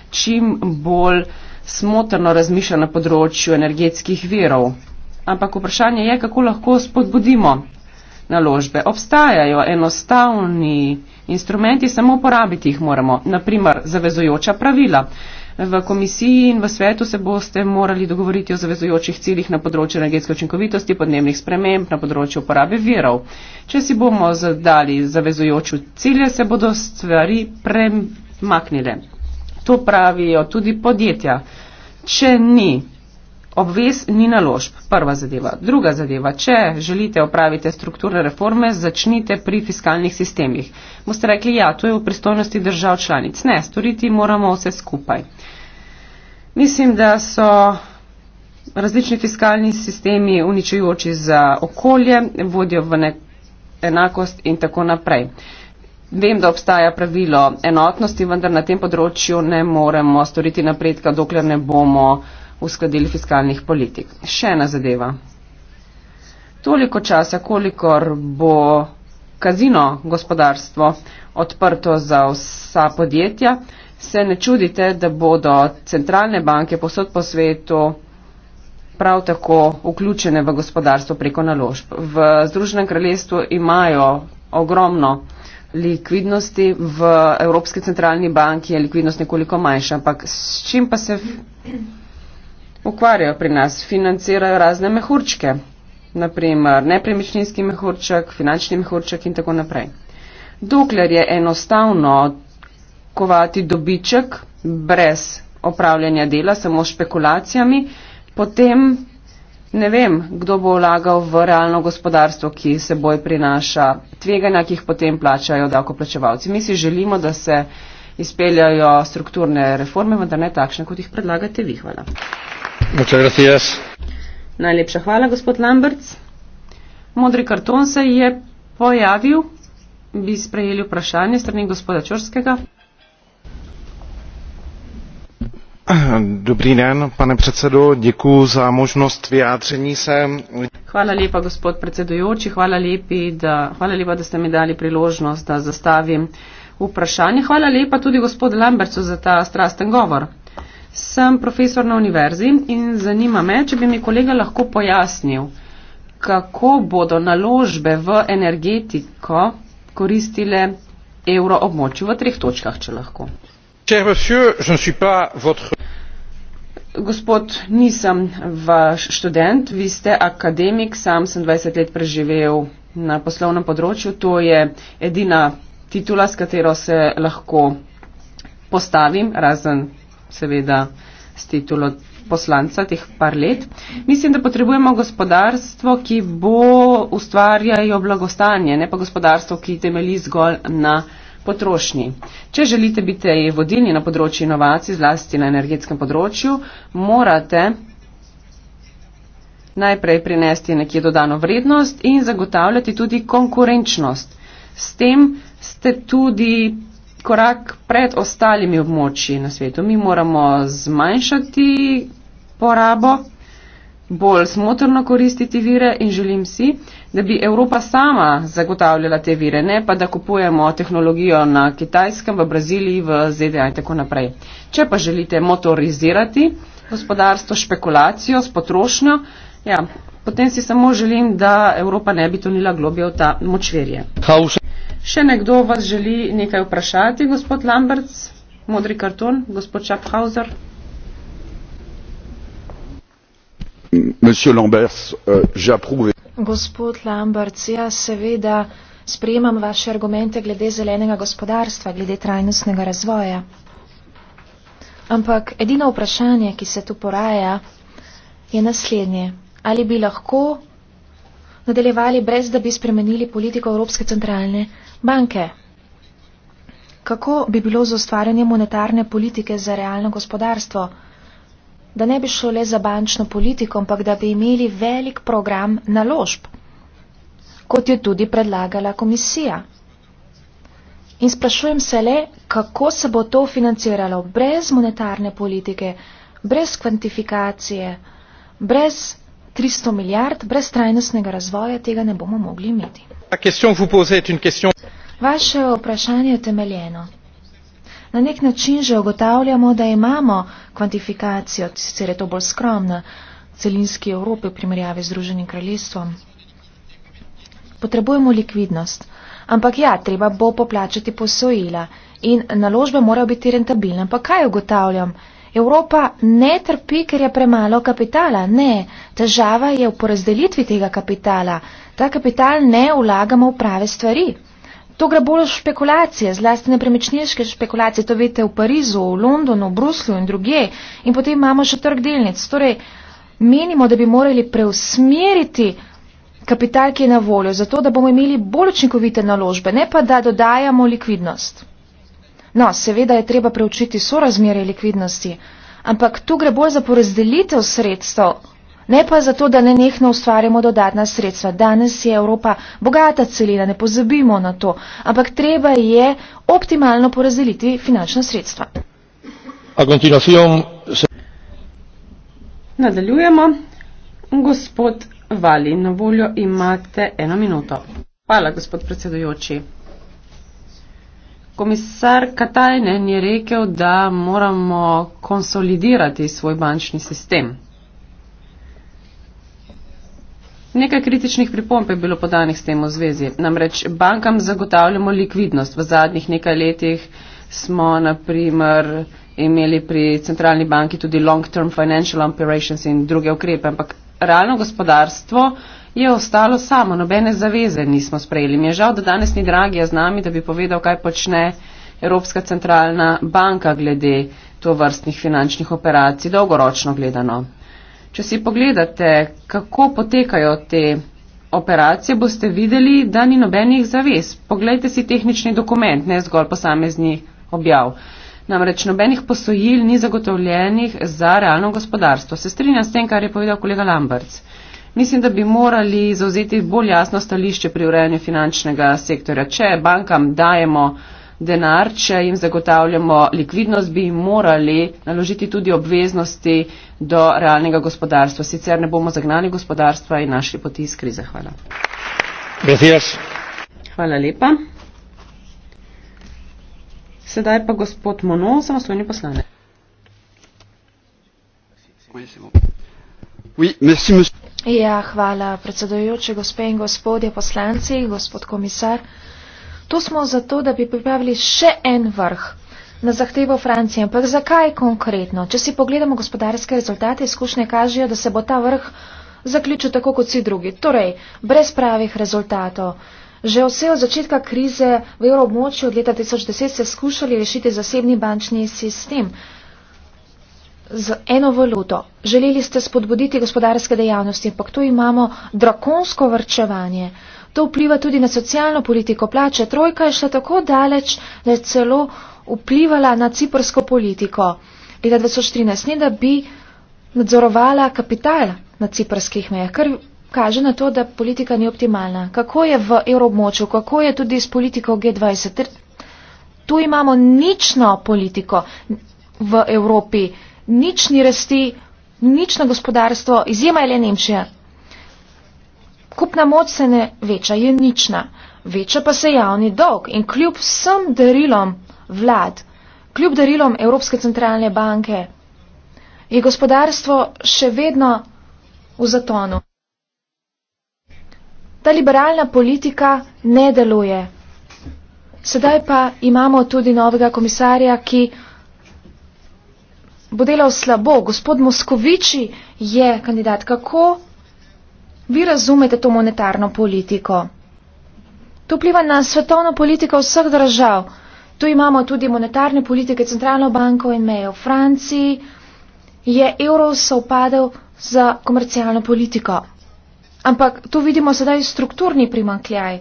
čim bolj smotrno razmišljala na področju energetskih virov. Ampak vprašanje je, kako lahko spodbudimo naložbe. Obstajajo enostavni instrumenti, samo uporabiti jih moramo. Naprimer, zavezojoča pravila. V komisiji in v svetu se boste morali dogovoriti o zavezujočih ciljih na področju energetske učinkovitosti, podnebnih sprememb, na področju uporabe virov. Če si bomo zadali zavezujoče cilje, se bodo stvari premaknile. To pravijo tudi podjetja. Če ni obvez, ni naložb. Prva zadeva. Druga zadeva. Če želite opraviti strukturne reforme, začnite pri fiskalnih sistemih. Boste rekli, ja, to je v pristojnosti držav članic. Ne, storiti moramo vse skupaj. Mislim, da so različni fiskalni sistemi uničujoči za okolje, vodijo v enakost in tako naprej. Vem, da obstaja pravilo enotnosti, vendar na tem področju ne moremo storiti napredka, dokler ne bomo uskladili fiskalnih politik. Še ena zadeva. Toliko časa, kolikor bo kazino gospodarstvo odprto za vsa podjetja, se ne čudite, da bodo centralne banke posod po svetu prav tako vključene v gospodarstvo preko naložb. V Združenem kraljestvu imajo ogromno likvidnosti, v Evropski centralni banki je likvidnost nekoliko manjša, ampak s čim pa se ukvarjajo pri nas? Financirajo razne mehurčke, naprimer nepremičninski mehurček, finančni mehurček in tako naprej. Dokler je enostavno pričakovati dobiček brez opravljanja dela, samo špekulacijami, potem ne vem, kdo bo vlagal v realno gospodarstvo, ki seboj prinaša tveganja, ki jih potem plačajo davkoplačevalci. Mi si želimo, da se izpeljajo strukturne reforme, vendar ne takšne, kot jih predlagate vi. Hvala. Najlepša hvala, gospod Lamberts. Modri karton se je pojavil, bi sprejeli vprašanje strani gospoda Čorskega. pane predsedujoči děkuji za možnost vyjádření se. Hvala lepa, gospod predsedujoči, hvala, lepi, da, hvala lepa, da ste mi dali priložnost, da zastavim vprašanje. Hvala lepa tudi gospod Lambercu za ta strasten govor. Sem profesor na univerzi in zanima me, če bi mi kolega lahko pojasnil, kako bodo naložbe v energetiko koristile evroobmočju v treh točkah, če lahko. Monsieur, je ne suis pas votre Gospod, nisem vaš študent, vi ste akademik, sam sem 20 let preživel na poslovnem področju. To je edina titula, s katero se lahko postavim, razen seveda s titulo poslanca teh par let. Mislim, da potrebujemo gospodarstvo, ki bo ustvarjajo blagostanje, ne pa gospodarstvo, ki temeli zgolj na potrošnji. Če želite biti vodilni na področju inovacij, zlasti na energetskem področju, morate najprej prinesti nekje dodano vrednost in zagotavljati tudi konkurenčnost. S tem ste tudi korak pred ostalimi območji na svetu. Mi moramo zmanjšati porabo bolj smotrno koristiti vire in želim si, da bi Evropa sama zagotavljala te vire, ne pa da kupujemo tehnologijo na Kitajskem, v Braziliji, v ZDA in tako naprej. Če pa želite motorizirati gospodarstvo, špekulacijo s potrošnjo, ja, potem si samo želim, da Evropa ne bi tonila globje v ta močverje. Še nekdo vas želi nekaj vprašati, gospod Lamberts, modri karton, gospod Schaffhauser. monsieur lamberts euh, j'approuve gospod lamberts ja seveda sprejemam vaše argumente glede zelenega gospodarstva glede trajnostnega razvoja ampak edino vprašanje ki se tu poraja je naslednje ali bi lahko nadaljevali brez da bi spremenili politiko evropske centralne banke kako bi bilo z ustvarjanjem monetarne politike za realno gospodarstvo da ne bi šlo le za bančno politiko, ampak da bi imeli velik program naložb, kot je tudi predlagala komisija. In sprašujem se le, kako se bo to financiralo brez monetarne politike, brez kvantifikacije, brez 300 milijard, brez trajnostnega razvoja, tega ne bomo mogli imeti. Vaše vprašanje je temeljeno na nek način že ogotavljamo, da imamo kvantifikacijo, sicer je to bolj skromna, celinski Evropi v primerjavi z Združenim kraljestvom. Potrebujemo likvidnost, ampak ja, treba bo poplačati posojila in naložbe morajo biti rentabilne. Pa kaj ugotavljam? Evropa ne trpi, ker je premalo kapitala. Ne, težava je v porazdelitvi tega kapitala. Ta kapital ne vlagamo v prave stvari. To gre bolj v špekulacije, zlasti nepremičniške špekulacije, to vete v Parizu, v Londonu, v Bruslju in druge. In potem imamo še trg delnic. Torej, menimo, da bi morali preusmeriti kapital, ki je na voljo, zato da bomo imeli bolj učinkovite naložbe, ne pa da dodajamo likvidnost. No, seveda je treba preučiti sorazmerje likvidnosti, ampak tu gre bolj za porazdelitev sredstev Ne pa zato, da ne nehno ustvarjamo dodatna sredstva. Danes je Evropa bogata celina, ne pozabimo na to, ampak treba je optimalno porazdeliti finančna sredstva. Se... Nadaljujemo. Gospod Vali, na voljo imate eno minuto. Hvala, gospod predsedujoči. Komisar Katajnen je rekel, da moramo konsolidirati svoj bančni sistem. Nekaj kritičnih pripomb je bilo podanih s tem v zvezi. Namreč bankam zagotavljamo likvidnost. V zadnjih nekaj letih smo naprimer imeli pri centralni banki tudi long-term financial operations in druge ukrepe, ampak realno gospodarstvo je ostalo samo, nobene zaveze nismo sprejeli. Mi je žal, da danes ni dragija z nami, da bi povedal, kaj počne Evropska centralna banka glede to vrstnih finančnih operacij, dolgoročno gledano. Če si pogledate, kako potekajo te operacije, boste videli, da ni nobenih zavez. Poglejte si tehnični dokument, ne zgolj posamezni objav. Namreč nobenih posojil ni zagotovljenih za realno gospodarstvo. Se strinjam s tem, kar je povedal kolega Lamberts. Mislim, da bi morali zauzeti bolj jasno stališče pri urejanju finančnega sektorja. Če bankam dajemo denar, če jim zagotavljamo likvidnost, bi jim morali naložiti tudi obveznosti do realnega gospodarstva. Sicer ne bomo zagnali gospodarstva in našli poti iz krize. Hvala. Gracias. Hvala lepa. Sedaj pa gospod Mono, samostojni poslanec. Ja, hvala predsedojoče, gospe in gospodje poslanci, gospod komisar. To smo zato, da bi pripravili še en vrh na zahtevo Francije. Ampak zakaj konkretno? Če si pogledamo gospodarske rezultate, izkušnje kažejo, da se bo ta vrh zaključil tako kot vsi drugi. Torej, brez pravih rezultatov. Že vse od začetka krize v evroobmočju od leta 2010 se skušali rešiti zasebni bančni sistem z eno valuto. Želeli ste spodbuditi gospodarske dejavnosti, ampak tu imamo drakonsko vrčevanje. To vpliva tudi na socialno politiko plače. Trojka je šla tako daleč, da je celo vplivala na ciprsko politiko leta 2013, ne da bi nadzorovala kapital na ciprskih mejah, kar kaže na to, da politika ni optimalna. Kako je v evroobmočju, kako je tudi s politiko G20? Tu imamo nično politiko v Evropi, nični rasti, nično gospodarstvo, izjema je le Nemčija, kupna moč se ne veča, je nična, veča pa se javni dolg in kljub vsem darilom vlad, kljub darilom Evropske centralne banke, je gospodarstvo še vedno v zatonu. Ta liberalna politika ne deluje. Sedaj pa imamo tudi novega komisarja, ki bo delal slabo. Gospod Moskoviči je kandidat. Kako vi razumete to monetarno politiko. To vpliva na svetovno politiko vseh držav. Tu imamo tudi monetarne politike, centralno banko in mejo. V Franciji je evro sovpadel za komercialno politiko. Ampak tu vidimo sedaj strukturni primankljaj.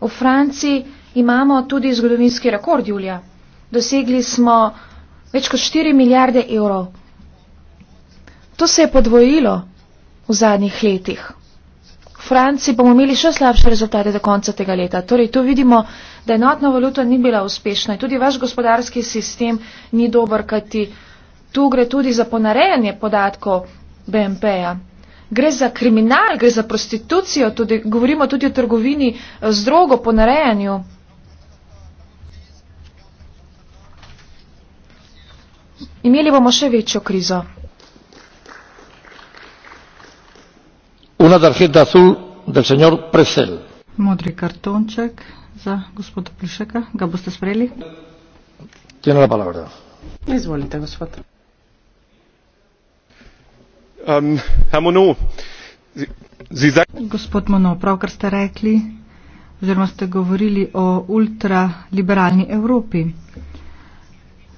V Franciji imamo tudi zgodovinski rekord, Julija. Dosegli smo več kot 4 milijarde evrov. To se je podvojilo v zadnjih letih v Franciji bomo imeli še slabše rezultate do konca tega leta. Torej, tu vidimo, da enotna valuta ni bila uspešna in tudi vaš gospodarski sistem ni dober, kajti tu gre tudi za ponarejanje podatkov BNP-ja. Gre za kriminal, gre za prostitucijo, tudi, govorimo tudi o trgovini eh, z drogo, ponarejanju. Imeli bomo še večjo krizo. una tarjeta azul del señor Prezel. Modri cartonček za gospoda Plišeka. Ga boste sprejeli? Tiene la palabra. Izvolite, gospod. Um, Herr Monod, Sie, Sie gospod Monod, pravkar ste rekli, oziroma ste govorili o ultraliberalni Evropi.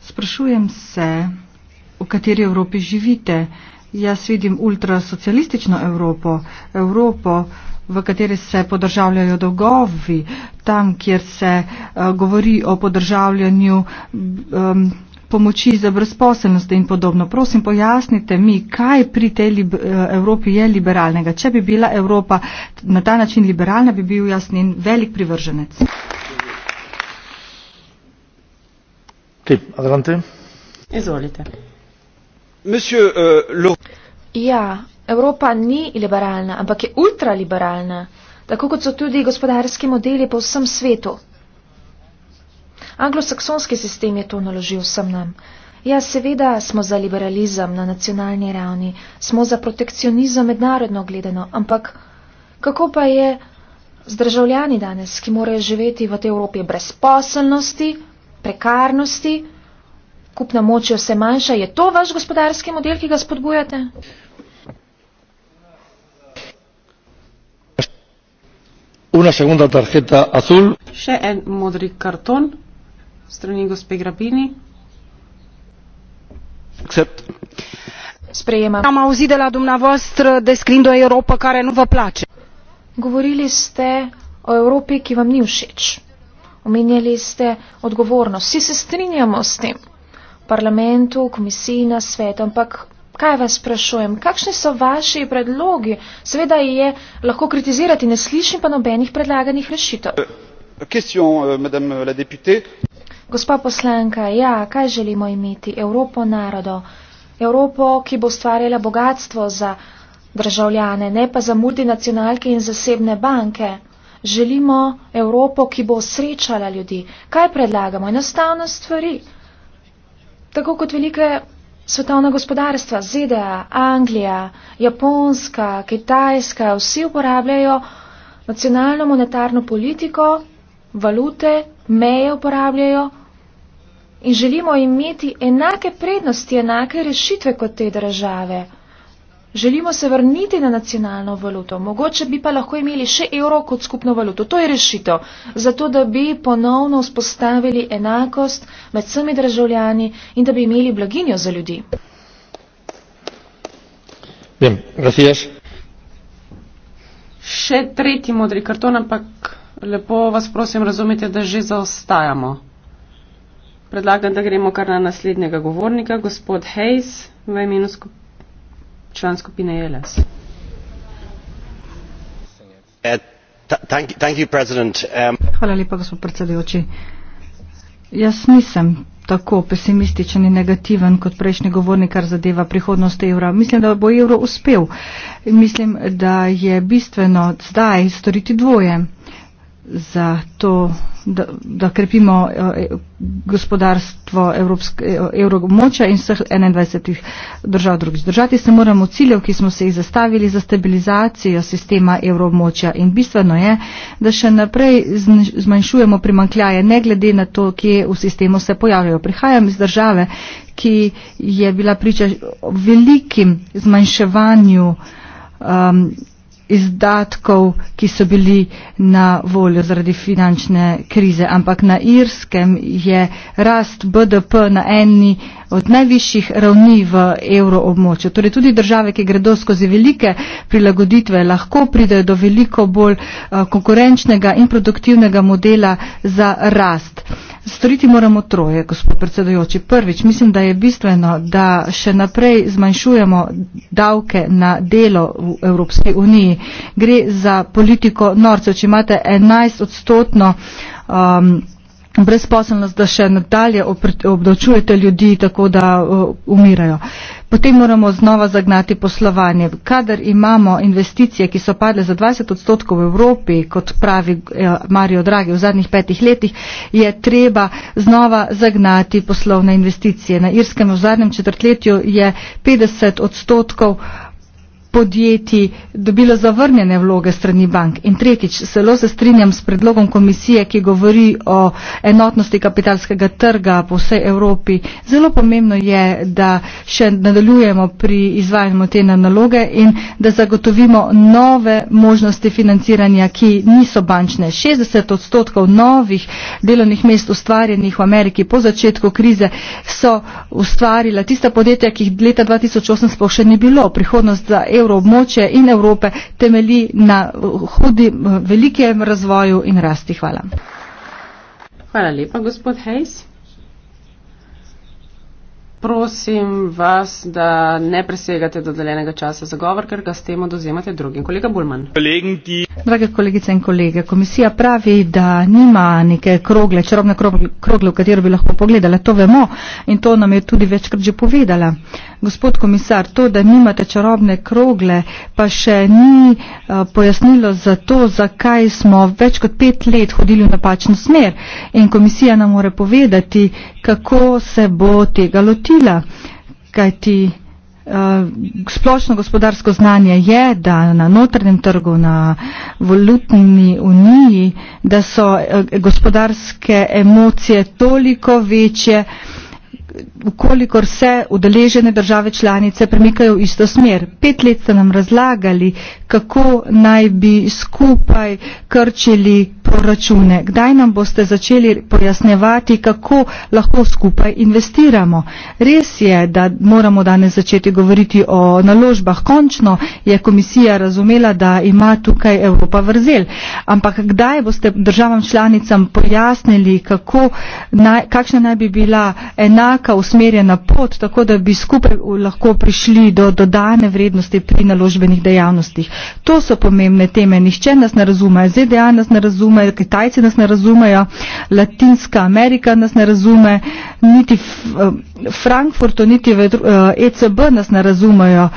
Sprašujem se, v kateri Evropi živite. Jaz vidim ultrasocialistično Evropo, Evropo, v kateri se podržavljajo dolgovi, tam, kjer se uh, govori o podržavljanju um, pomoči za brezposelnost in podobno. Prosim, pojasnite mi, kaj pri tej lib eh, Evropi je liberalnega. Če bi bila Evropa na ta način liberalna, bi bil jaz njen velik privrženec. Sí, adelante. Izvolite. Euh, ja, Evropa ni liberalna, ampak je ultraliberalna, tako kot so tudi gospodarski modeli po vsem svetu. Anglosaksonski sistem je to naložil vsem nam. Ja, seveda smo za liberalizem na nacionalni ravni, smo za protekcionizem mednarodno gledano, ampak kako pa je z državljani danes, ki morajo živeti v tej Evropi brezposelnosti, prekarnosti? kupna moč je vse manjša. Je to vaš gospodarski model, ki ga spodbujate? Azul. Še en modri karton strani gospe Grabini. Accept. Sprejema. Govorili ste o Evropi, ki vam ni všeč. Omenjali ste odgovornost. Vsi se strinjamo s tem parlamentu, komisiji, na svetu. Ampak kaj vas sprašujem, kakšni so vaši predlogi? Seveda je lahko kritizirati, ne slišim pa nobenih predlaganih rešitev. Eh, question, eh, Gospa poslanka, ja, kaj želimo imeti? Evropo narodo. Evropo, ki bo ustvarjala bogatstvo za državljane, ne pa za multinacionalke in zasebne banke. Želimo Evropo, ki bo srečala ljudi. Kaj predlagamo? Enostavne stvari tako kot velike svetovna gospodarstva, ZDA, Anglija, Japonska, Kitajska, vsi uporabljajo nacionalno monetarno politiko, valute, meje uporabljajo in želimo imeti enake prednosti, enake rešitve kot te države. Želimo se vrniti na nacionalno valuto, mogoče bi pa lahko imeli še evro kot skupno valuto. To je rešitev, zato da bi ponovno vzpostavili enakost med vsemi državljani in da bi imeli blaginjo za ljudi. Bien, gracias. Še tretji modri karton, ampak lepo vas prosim razumete, da že zaostajamo. Predlagam, da gremo kar na naslednjega govornika, gospod Hayes, v imenu skupine član skupine ELS. Eh, um, Hvala lepa, gospod predsedujoči. Jaz nisem tako pesimističen in negativen kot prejšnji govornik, kar zadeva prihodnost evra. Mislim, da bo evro uspel. Mislim, da je bistveno zdaj storiti dvoje za to, da, da krepimo eh, gospodarstvo evromoča eh, in vseh 21 držav drugih. Držati se moramo ciljev, ki smo se jih zastavili za stabilizacijo sistema evromoča in bistveno je, da še naprej zmanjšujemo primankljaje, ne glede na to, kje v sistemu se pojavljajo. Prihajam iz države, ki je bila priča velikim zmanjševanju um, izdatkov, ki so bili na voljo zaradi finančne krize, ampak na Irskem je rast BDP na eni od najvišjih ravni v evroobmočju. Torej tudi države, ki gredo skozi velike prilagoditve, lahko pridejo do veliko bolj eh, konkurenčnega in produktivnega modela za rast. Uh, Storiti moramo troje, gospod predsedujoči. Prvič, mislim, da je bistveno, da še naprej zmanjšujemo davke na delo v Evropski uniji. Gre za politiko norcev, če imate 11 odstotno. Um, brezposelnost, da še nadalje obdočujete ljudi tako, da uh, umirajo potem moramo znova zagnati poslovanje. Kadar imamo investicije, ki so padle za 20 odstotkov v Evropi, kot pravi eh, Marijo Dragi v zadnjih petih letih, je treba znova zagnati poslovne investicije. Na Irskem v zadnjem četrtletju je 50 odstotkov podjetij dobilo zavrnjene vloge strani bank. In tretjič, zelo se strinjam s predlogom komisije, ki govori o enotnosti kapitalskega trga po vsej Evropi. Zelo pomembno je, da še nadaljujemo pri izvajanju te naloge in da zagotovimo nove možnosti financiranja, ki niso bančne. 60 odstotkov novih delovnih mest ustvarjenih v Ameriki po začetku krize so ustvarila tista podjetja, ki jih leta 2008 sploh še ni bilo. Prihodnost za EU evroobmočje in Evrope temelji na eh, hudi eh, velikem razvoju in rasti. Hvala. Hvala lepa, gospod Hejs prosim vas, da ne presegate dodeljenega časa za govor, ker ga s tem oduzemate drugim. Kolega Bulman. Drage kolegice in kolege, komisija pravi, da nima neke krogle, čarobne krogle, v katero bi lahko pogledala. To vemo in to nam je tudi večkrat že povedala. Gospod komisar, to, da nimate čarobne krogle, pa še ni eh, pojasnilo za to, zakaj smo več kot pet let hodili v napačno smer. In komisija nam more povedati, kako se bo tega lotila sila, kajti uh, splošno gospodarsko znanje je, da na notrnem trgu, na valutni uniji, da so uh, gospodarske emocije toliko večje, uh, ukolikor se udeležene države članice premikajo v isto smer. Pet let ste nam razlagali, kako naj bi skupaj krčili proračune. Kdaj nam boste začeli pojasnevati, kako lahko skupaj investiramo? Res je, da moramo danes začeti govoriti o naložbah. Končno je komisija razumela, da ima tukaj Evropa vrzel. Ampak kdaj boste državam članicam pojasnili, naj, kakšna naj bi bila enaka taka usmerjena pot, tako da bi skupaj lahko prišli do dodane vrednosti pri naložbenih dejavnostih. To so pomembne teme. Nihče nas ne razume, ZDA nas ne razume, Kitajci nas ne razumejo, Latinska Amerika nas ne razume, niti eh, Frankfurtu, niti ECB eh, e nas ne razumejo.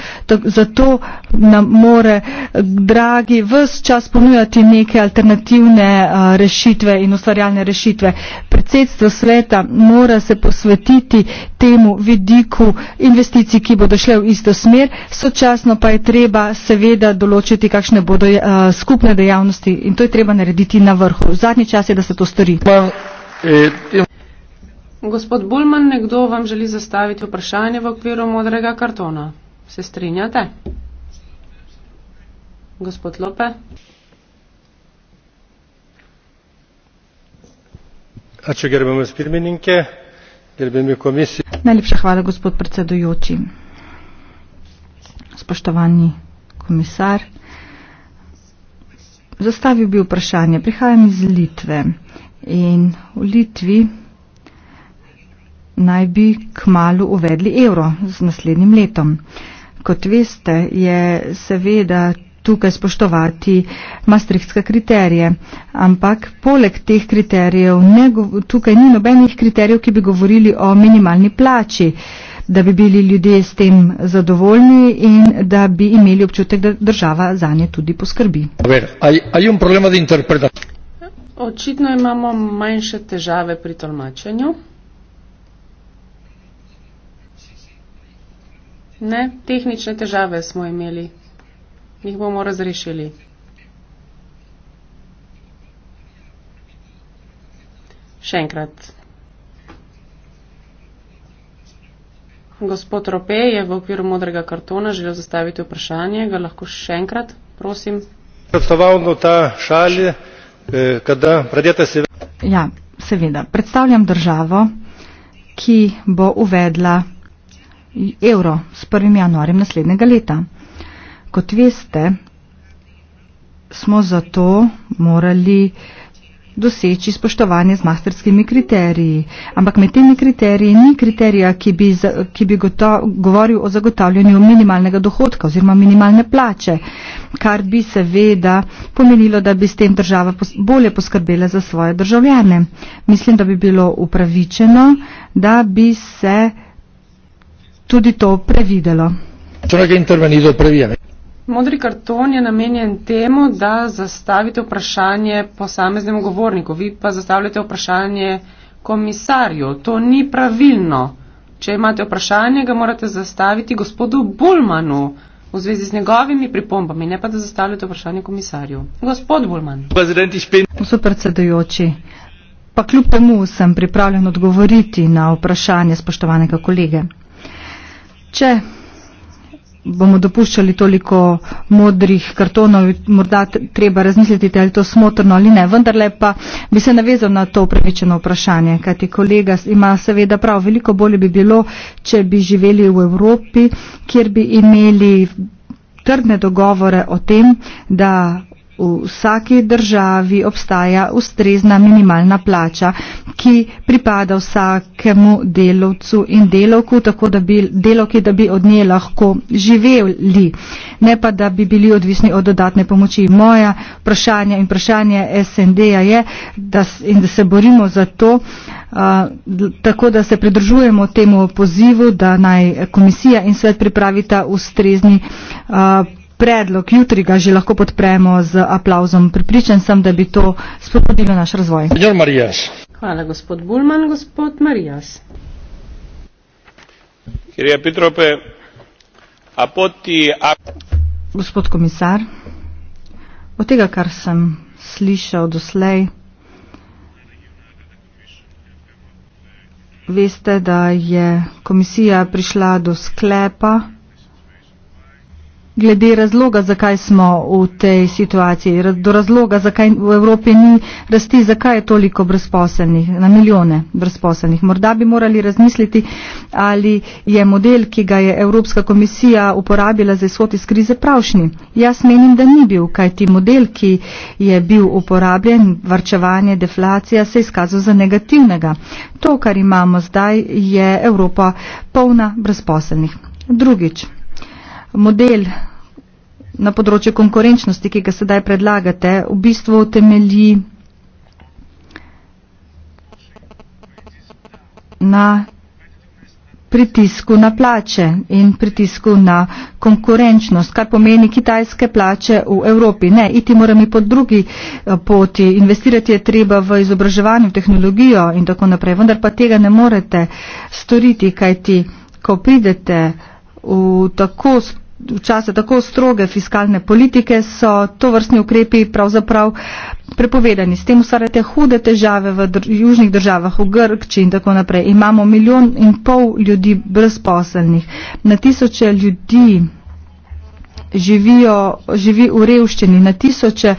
Zato nam more dragi vse čas ponujati neke alternativne eh, rešitve in ustvarjalne rešitve. Predsedstvo sveta mora se posvetiti sledi temu vidiku investicij, ki bodo šle v isto smer, sočasno pa je treba seveda določiti, kakšne bodo uh, skupne dejavnosti in to je treba narediti na vrhu. Zadnji čas je, da se to stori. Gospod Bulman, nekdo vam želi zastaviti vprašanje v okviru modrega kartona. Se strinjate? Gospod Lope? Ačiū gerbiamas pirmininkė. Najlepša hvala, gospod predsedujoči. Spoštovani komisar, zastavil bi vprašanje. Prihajam iz Litve in v Litvi naj bi k malu uvedli evro z naslednjim letom. Kot veste, je seveda tukaj spoštovati mastrihtske kriterije. Ampak poleg teh kriterijev, ne, tukaj ni nobenih kriterijev, ki bi govorili o minimalni plači, da bi bili ljudje s tem zadovoljni in da bi imeli občutek, da država za nje tudi poskrbi. Očitno imamo manjše težave pri tolmačenju. Ne, tehnične težave smo imeli jih bomo razrešili. Še enkrat. Gospod Rope je v okviru modrega kartona želel zastaviti vprašanje. Ga lahko še enkrat, prosim. Eh, ja, seveda. Predstavljam državo, ki bo uvedla evro s 1. januarjem naslednjega leta. Kot veste, smo zato morali doseči spoštovanje z masterskimi kriteriji. Ampak med temi kriteriji ni kriterija, ki bi, ki bi goto, govoril o zagotavljanju minimalnega dohodka oziroma minimalne plače, kar bi seveda pomenilo, da bi s tem država pos, bolje poskrbela za svoje državljane. Mislim, da bi bilo upravičeno, da bi se tudi to previdelo. Modri karton je namenjen temu, da zastavite vprašanje posameznemu govorniku. Vi pa zastavljate vprašanje komisarju. To ni pravilno. Če imate vprašanje, ga morate zastaviti gospodu Bulmanu v zvezi z njegovimi pripombami, ne pa da zastavljate vprašanje komisarju. Gospod Bulman. Gospod predsedujoči, pa kljub temu sem pripravljen odgovoriti na vprašanje spoštovanega kolege. Če bomo dopuščali toliko modrih kartonov, morda treba razmisliti, ali to smotrno ali ne. Vendar le pa bi se navezal na to upravičeno vprašanje, kajti kolega ima seveda prav, veliko bolje bi bilo, če bi živeli v Evropi, kjer bi imeli trdne dogovore o tem, da v vsaki državi obstaja ustrezna minimalna plača ki pripada vsakemu delovcu in delovku, tako da bi delovki, da bi od nje lahko živeli, ne pa da bi bili odvisni od dodatne pomoči. Moja vprašanja in vprašanje SND-ja je, da, in da se borimo za to, a, tako da se pridržujemo temu pozivu, da naj komisija in svet pripravita ustrezni. A, predlog, jutri ga že lahko podpremo z aplauzom. Pripričan sem, da bi to spodbudilo naš razvoj. Senor Marijas, Hvala, gospod Bulman. Gospod Marijas. Kirija Petrope, a poti... A... Gospod komisar, od tega, kar sem slišal doslej, veste, da je komisija prišla do sklepa, glede razloga, zakaj smo v tej situaciji, do razloga, zakaj v Evropi ni rasti, zakaj je toliko brezposelnih, na milijone brezposelnih. Morda bi morali razmisliti, ali je model, ki ga je Evropska komisija uporabila za izhod iz krize, pravšnji. Jaz menim, da ni bil, kaj ti model, ki je bil uporabljen, varčevanje, deflacija, se je izkazal za negativnega. To, kar imamo zdaj, je Evropa polna brezposelnih. Drugič model na področju konkurenčnosti, ki ga sedaj predlagate, v bistvu temelji na pritisku na plače in pritisku na konkurenčnost, kar pomeni kitajske plače v Evropi. Ne, iti moram i po drugi eh, poti, investirati je treba v izobraževanje, v tehnologijo in tako naprej, vendar pa tega ne morete storiti, kaj ti, ko pridete v tako v čase tako stroge fiskalne politike so to vrstni ukrepi pravzaprav prepovedani. S tem ustvarjate hude težave v dr južnih državah, v Grkči in tako naprej. Imamo milijon in pol ljudi brezposelnih. Na tisoče ljudi živijo, živi v revščini, na tisoče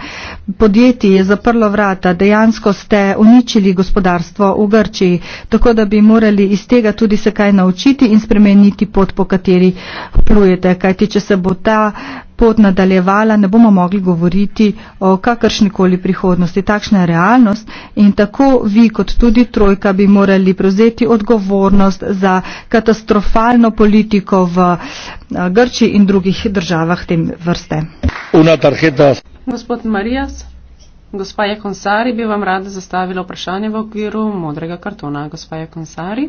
podjetij je zaprlo vrata, dejansko ste uničili gospodarstvo v Grčiji, tako da bi morali iz tega tudi se kaj naučiti in spremeniti pot, po kateri plujete, kajti če se bo ta uh, pot nadaljevala, ne bomo mogli govoriti o kakršnikoli prihodnosti. Takšna je realnost in tako vi kot tudi trojka bi morali prevzeti odgovornost za katastrofalno politiko v eh, Grči in drugih državah te vrste. Gospod Marijas, gospa je konsari, bi vam rada zastavila vprašanje v okviru modrega kartona. Gospa je konsari.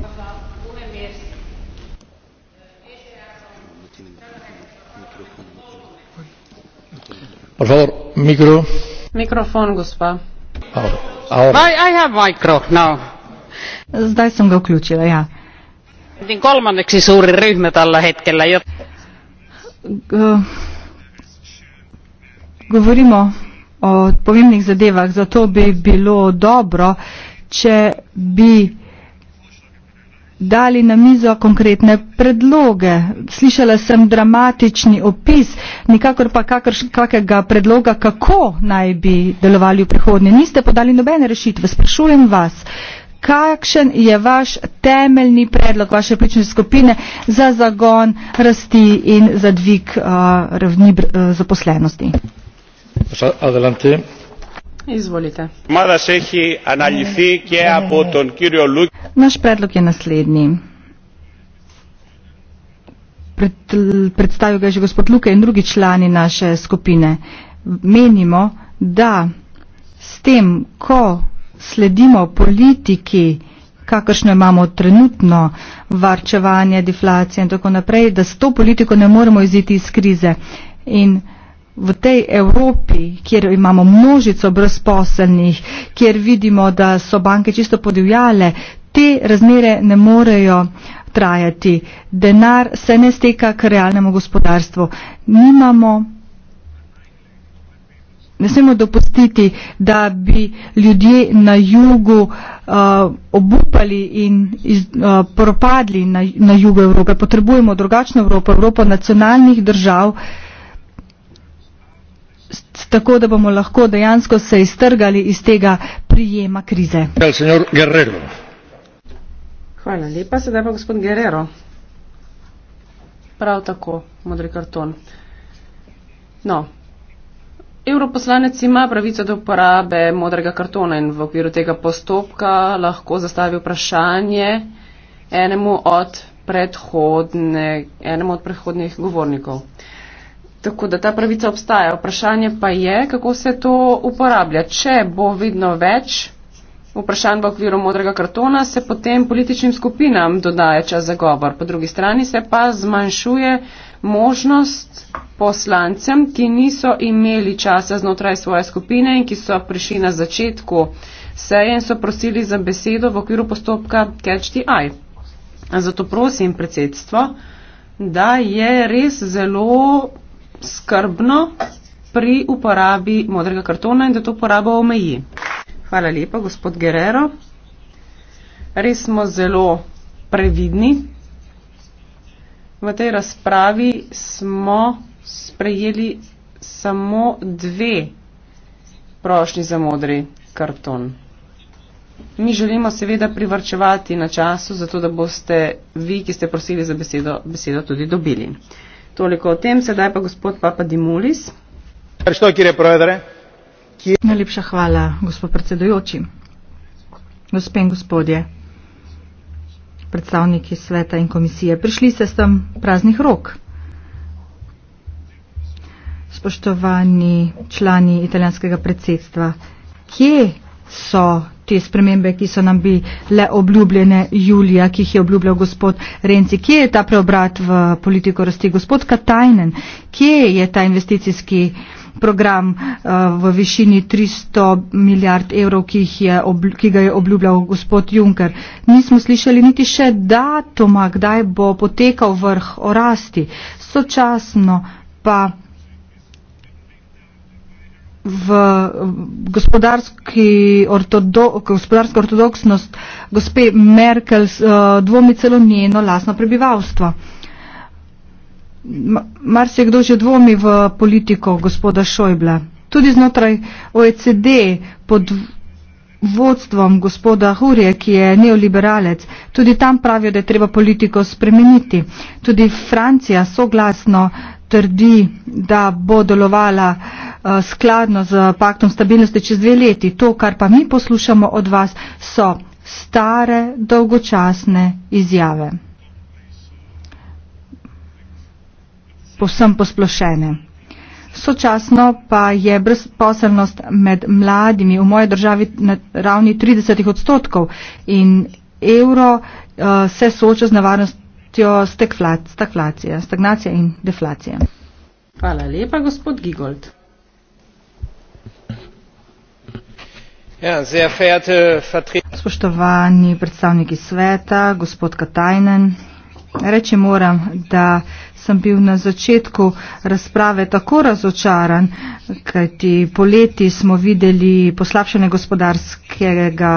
Hvala. Por favor, micro. Mikrofon, gospa. Ahora, ahora. I, I have micro now. Zdaj sem ga vključila, ja. Kolmanneksi suuri ryhmä tällä hetkellä. Jo... Govorimo o pomembnih zadevah, zato bi bilo dobro, če bi dali na mizo konkretne predloge. Slišala sem dramatični opis, nikakor pa kakršnega predloga, kako naj bi delovali v prihodnje. Niste podali nobene rešitve. Sprašujem vas, kakšen je vaš temeljni predlog vaše plične skupine za zagon rasti in za dvig uh, ravni uh, zaposlenosti? Adelante. Naš predlog je naslednji. Predstavil ga je že gospod Luka in drugi člani naše skupine. Menimo, da s tem, ko sledimo politiki, kakršno imamo trenutno varčevanje, deflacije in tako naprej, da s to politiko ne moremo iziti iz krize. In v tej Evropi, kjer imamo množico brezposelnih, kjer vidimo, da so banke čisto podivjale, te razmere ne morejo trajati. Denar se ne steka k realnemu gospodarstvu. Nimamo, ne smemo dopustiti, da bi ljudje na jugu uh, obupali in iz, uh, propadli na, na jugu Evrope. Potrebujemo drugačno Evropo, Evropo nacionalnih držav, uh, tako da bomo lahko dejansko se iztrgali iz tega prijema krize. Hvala lepa, sedaj pa gospod Guerrero. Prav tako, modri karton. No, europoslanec ima pravico do uporabe modrega kartona in v okviru tega postopka lahko zastavi vprašanje enemu od, enemu od predhodnih govornikov. Tako da ta pravica obstaja. Vprašanje pa je, kako se to uporablja. Če bo vidno več vprašanj v okviru modrega kartona, se potem političnim skupinam dodaja čas za govor. Po drugi strani se pa zmanjšuje možnost poslancem, ki niso imeli časa znotraj svoje skupine in ki so prišli na začetku seje in so prosili za besedo v okviru postopka Catch the Eye. Zato prosim predsedstvo, da je res zelo skrbno pri uporabi modrega kartona in da to uporabo omeji. Hvala lepa, gospod Gerero. Res smo zelo previdni. V tej razpravi smo sprejeli samo dve prošnji za modri karton. Mi želimo seveda privrčevati na času, zato da boste vi, ki ste prosili za besedo, besedo tudi dobili. Toliko o tem, sedaj pa gospod Papa Dimulis. Što, Kje... Najlepša hvala, gospod predsedujoči. Gospe in gospodje, predstavniki sveta in komisije, prišli ste sem praznih rok. Spoštovani člani italijanskega predsedstva, kje so te spremembe, ki so nam bile obljubljene julija, ki jih je obljubljal gospod Renci. Kje je ta preobrat v politiko rasti? Gospod Katajnen, kje je ta investicijski program uh, v višini 300 milijard evrov, ki, je ki ga je obljubljal gospod Juncker? Nismo slišali niti še datuma, kdaj bo potekal vrh o rasti. Sočasno pa v gospodarski ortodok, gospodarsko ortodoksnost gospe Merkel eh, dvomi celo njeno lasno prebivalstvo. Mar se kdo že dvomi v politiko gospoda Šojbla. Tudi znotraj OECD pod vodstvom gospoda Hurje, ki je neoliberalec, tudi tam pravijo, da je treba politiko spremeniti. Tudi Francija soglasno trdi, da bo delovala eh, skladno z paktom stabilnosti čez dve leti. To, kar pa mi poslušamo od vas, so stare, dolgočasne izjave. Povsem posplošene. Sočasno pa je brezposelnost med mladimi v moji državi na ravni 30 odstotkov in evro uh, se sooča z nevarnostjo rastjo stagflacija, stagnacija in deflacija. Hvala lepa, gospod Gigold. Ja, Spoštovani predstavniki sveta, gospod Katajnen, reči moram, da sem bil na začetku razprave tako razočaran, kajti poleti smo videli poslabšanje gospodarskega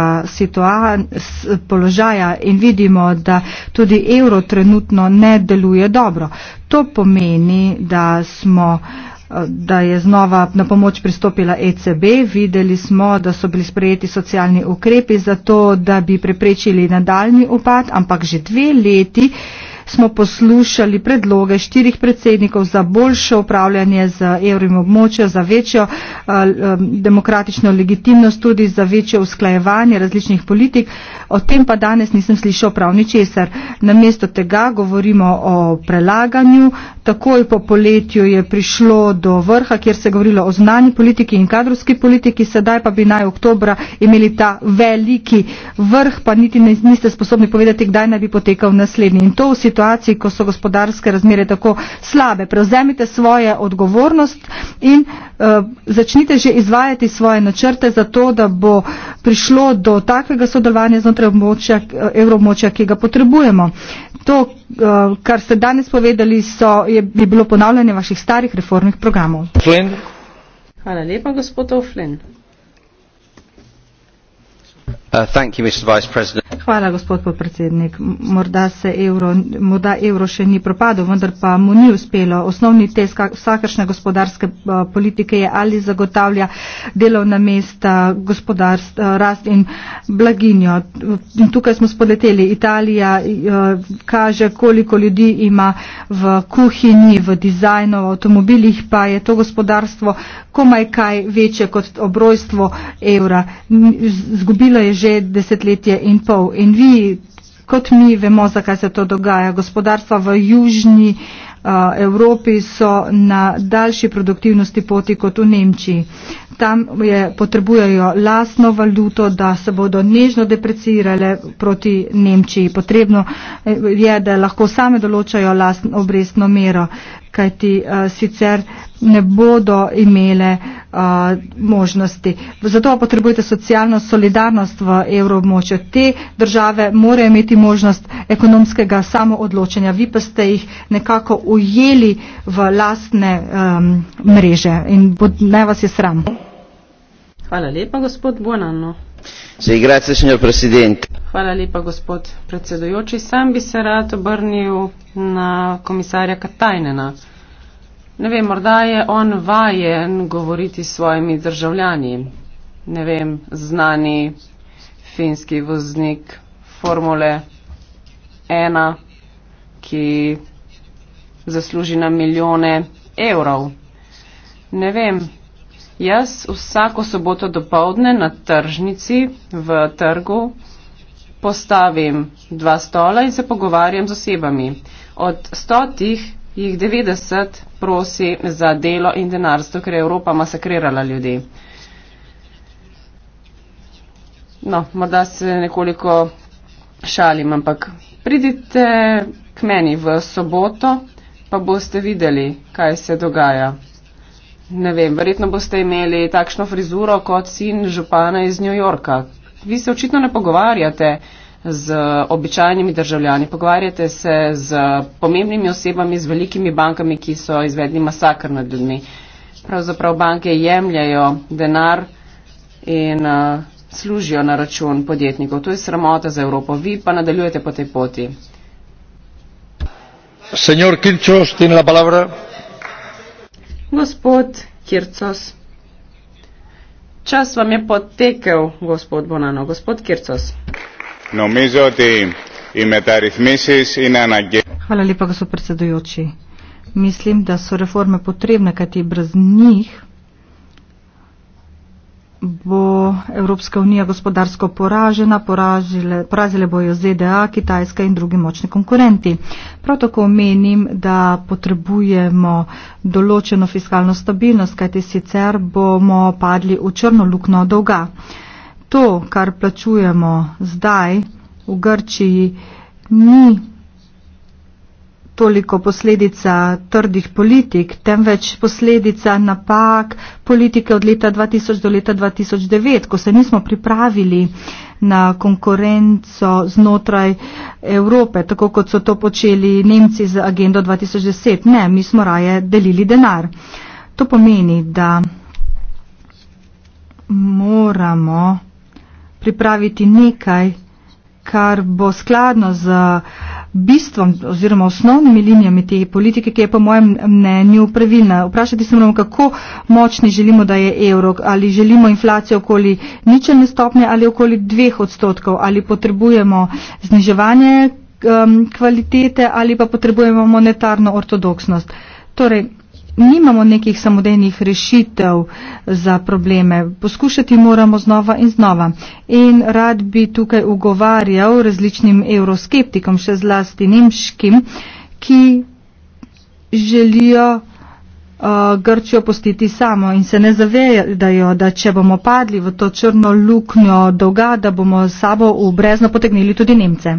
položaja in vidimo, da tudi evro trenutno ne deluje dobro. To pomeni, da smo da je znova na pomoč pristopila ECB. Videli smo, da so bili sprejeti socialni ukrepi za to, da bi preprečili nadaljni upad, ampak že dve leti uh, smo poslušali predloge štirih predsednikov za boljše upravljanje z evrim območjo, za večjo eh, eh, demokratično legitimnost, tudi za večjo usklajevanje različnih politik. O tem pa danes nisem slišal prav ničesar. Namesto tega govorimo o prelaganju. Takoj po poletju je prišlo do vrha, kjer se je govorilo o znani politiki in kadrovski politiki, sedaj pa bi naj oktobra imeli ta veliki vrh, pa niti niste sposobni povedati, kdaj naj bi potekal naslednji. In to v situaciji situaciji, ko so gospodarske razmere tako slabe. Prevzemite svoje odgovornost in uh, začnite že izvajati svoje načrte za to, da bo prišlo do takvega sodelovanja znotraj evromočja, eh, ki ga potrebujemo. To, uh, kar ste danes povedali, so, je, je bilo ponavljanje vaših starih reformnih programov. Flynn. Hvala lepa, gospod Oflin. Uh, Hvala, gospod podpredsednik. Morda, morda evro še ni propadel, vendar pa mu ni uspelo. Osnovni test vsakršne gospodarske uh, politike je, ali zagotavlja delovna mesta, uh, rast in blaginjo. In tukaj smo spodleteli. Italija kaže, koliko ljudi ima v kuhinji, v dizajnu, v avtomobilih, pa je to gospodarstvo komaj kaj večje kot obrojstvo evra. Zgubilo Zgodilo je že desetletje in pol in vi, kot mi, vemo, zakaj se to dogaja. Gospodarstva v južni eh, Evropi so na daljši produktivnosti poti kot v Nemčiji. Tam je, potrebujejo lasno valuto, da se bodo nežno deprecirale proti Nemčiji. Potrebno eh, je, da lahko same določajo lastno obrestno mero kajti uh, sicer ne bodo imele uh, možnosti. Zato potrebujete socialno solidarnost v evroobmočju. Te države morajo imeti možnost ekonomskega samoodločenja, vi pa ste jih nekako ujeli v lastne um, mreže in bod, naj vas je sram. Hvala lepa, gospod Bonanno. Sì, grazie signor Presidente. Hvala lepa, gospod predsedujoči. Sam bi se rad obrnil na komisarja Katajnena. Ne vem, morda je on vajen govoriti s svojimi državljani. Ne vem, znani finski voznik Formule 1, ki zasluži na milijone evrov. Ne vem. Jaz vsako soboto dopoldne na tržnici v trgu postavim dva stola in se pogovarjam z osebami. Od stotih jih 90 prosi za delo in denar, zato ker je Evropa masakrirala ljudi. No, morda se nekoliko šalim, ampak pridite k meni v soboto, pa boste videli, kaj se dogaja. Ne vem, verjetno boste imeli takšno frizuro kot sin župana iz New Yorka, vi se očitno ne pogovarjate z običajnimi državljani, pogovarjate se z pomembnimi osebami, z velikimi bankami, ki so izvedli masakr nad ljudmi. Pravzaprav banke jemljajo denar in uh, služijo na račun podjetnikov. To je sramota za Evropo. Vi pa nadaljujete po tej poti. Senor Kirčos, tin la palabra. Gospod Kirčos. Čas vam je potekel, gospod Bonano, gospod Kircos. Hvala lepa, gospod predsedujoči. Mislim, da so reforme potrebne, kajti brez njih bo Evropska unija gospodarsko poražena, poražile, porazile bojo ZDA, Kitajska in drugi močni konkurenti. Prav tako menim, da potrebujemo določeno fiskalno stabilnost, kajti sicer bomo padli v črno lukno dolga. To, kar plačujemo zdaj v Grčiji, ni toliko posledica trdih politik, temveč posledica napak politike od leta 2000 do leta 2009, ko se nismo pripravili na konkurenco znotraj Evrope, tako kot so to počeli Nemci z agendo 2010. Ne, mi smo raje delili denar. To pomeni, da moramo pripraviti nekaj, kar bo skladno z uh, bistvom oziroma osnovnimi linijami te politike, ki je po mojem mnenju pravilna. Vprašati se moramo, kako močni želimo, da je evro, ali želimo inflacijo okoli ničelne stopnje ali okoli dveh odstotkov, ali potrebujemo zniževanje um, kvalitete ali pa potrebujemo monetarno ortodoksnost. Torej, nimamo nekih samodejnih rešitev za probleme. Poskušati moramo znova in znova. In rad bi tukaj ugovarjal različnim euroskeptikom, še zlasti nemškim, ki želijo uh, Grčijo postiti samo in se ne zavedajo, da če bomo padli v to črno luknjo dolga, da bomo sabo v brezno potegnili tudi Nemce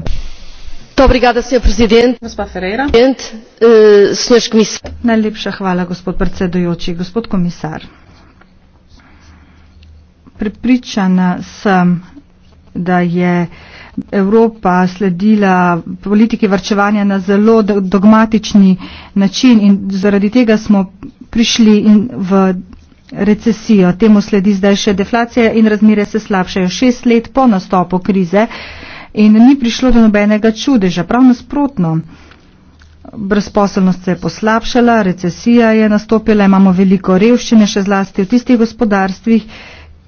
obrigada senhor presidente gospa ferreira presidente uh, senhores comissários najlepša hvala gospod predsedujoči gospod komisar prepričana sem da je Evropa sledila politiki varčevanja na zelo dogmatični način in zaradi tega smo prišli v recesijo. Temu sledi zdaj še deflacija in razmire se slabšajo. Šest let po nastopu krize In ni prišlo do nobenega čudeža, prav nasprotno. Brezposelnost se je poslabšala, recesija je nastopila, imamo veliko revščine, še zlasti v tistih gospodarstvih,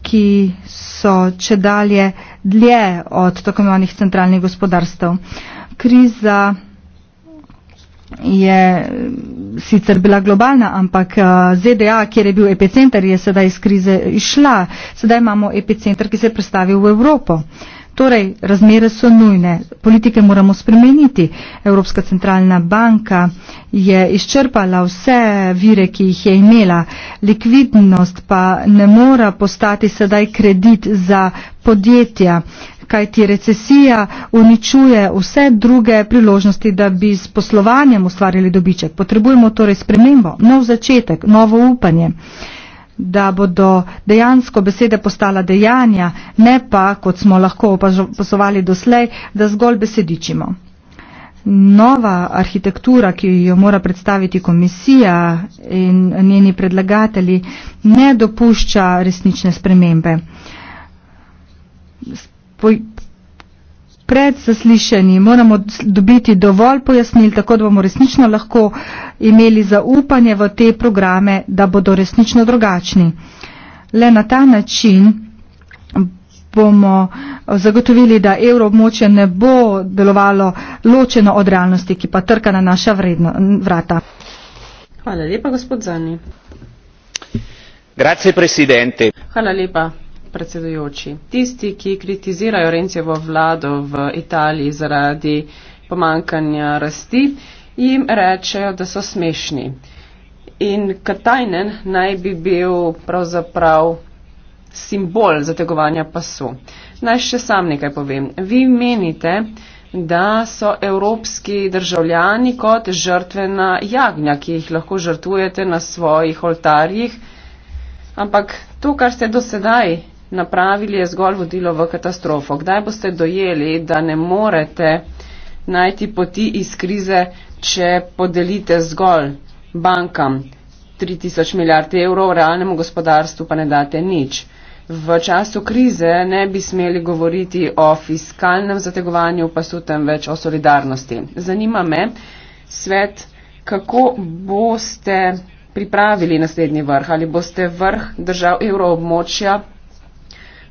ki so če dalje dlje od tako imenovanih centralnih gospodarstv. Kriza je eh, sicer bila globalna, ampak eh, ZDA, kjer je bil epicenter, je sedaj iz krize išla. Sedaj imamo epicenter, ki se je predstavil v Evropo. Uh, Torej, razmere so nujne, politike moramo spremeniti. Evropska centralna banka je izčrpala vse vire, ki jih je imela. Likvidnost pa ne mora postati sedaj kredit za podjetja, kajti recesija uničuje vse druge priložnosti, da bi s poslovanjem ustvarili dobiček. Potrebujemo torej spremembo, nov začetek, novo upanje da bodo dejansko besede postala dejanja, ne pa, kot smo lahko opazovali doslej, da zgolj besedičimo. Nova arhitektura, ki jo mora predstaviti komisija in njeni predlagatelji, ne dopušča resnične spremembe pred zaslišanji moramo dobiti dovolj pojasnil, tako da bomo resnično lahko imeli zaupanje v te programe, da bodo resnično drugačni. Le na ta način bomo zagotovili, da evroobmočje ne bo delovalo ločeno od realnosti, ki pa trka na naša vredno, vrata. Hvala lepa, gospod Zani. Grazie, Presidente. Hvala lepa predsedujoči. Tisti, ki kritizirajo Rencevo vlado v Italiji zaradi pomankanja rasti, jim rečejo, da so smešni. In Katajnen naj bi bil pravzaprav simbol zategovanja pasu. Naj še sam nekaj povem. Vi menite, da so evropski državljani kot žrtvena jagnja, ki jih lahko žrtvujete na svojih oltarjih, ampak to, kar ste do sedaj napravili, je zgolj vodilo v katastrofo. Kdaj boste dojeli, da ne morete najti poti iz krize, če podelite zgolj bankam 3000 milijard evrov, realnemu gospodarstvu pa ne date nič? V času krize ne bi smeli govoriti o fiskalnem zategovanju, pa so tam več o solidarnosti. Zanima me, svet, kako boste pripravili naslednji vrh? Ali boste vrh držav evroobmočja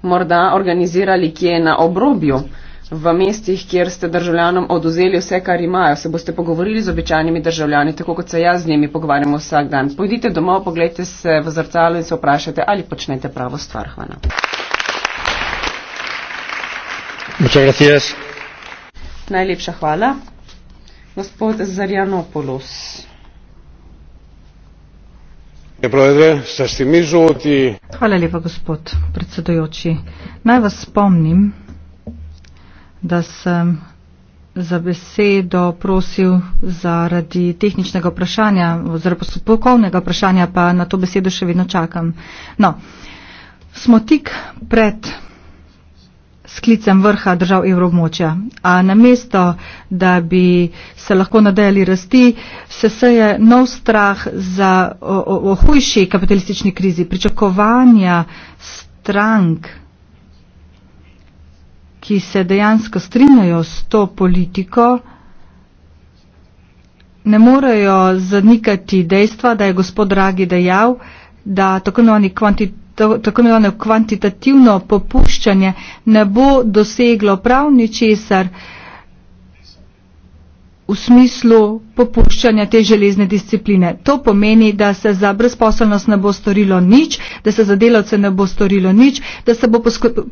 morda organizirali kje na obrobju, v mestih, kjer ste državljanom oduzeli vse, kar imajo. Se boste pogovorili z običajnimi državljani, tako kot se jaz z njimi pogovarjamo vsak dan. Pojdite domov, pogledajte se v zrcalo in se vprašajte, ali počnete pravo stvar. Hvala. Najlepša hvala. Gospod Zarjanopoulos. Hvala lepa, gospod predsedujoči. Naj vas spomnim, da sem za besedo prosil zaradi tehničnega vprašanja oziroma postopkovnega vprašanja, pa na to besedo še vedno čakam. No, smo tik pred sklicem vrha držav evroobmočja. A namesto, da bi se lahko nadejali rasti, se seje nov strah za o, o, o hujši kapitalistični krizi, pričakovanja strank, ki se dejansko strinjajo s to politiko, ne morejo zanikati dejstva, da je gospod Dragi dejal, da tako imenovani kvantitativni tako imenovano kvantitativno popuščanje ne bo doseglo prav ničesar v smislu popuščanja te železne discipline. To pomeni, da se za brezposelnost ne bo storilo nič, da se za delavce ne bo storilo nič, da se bo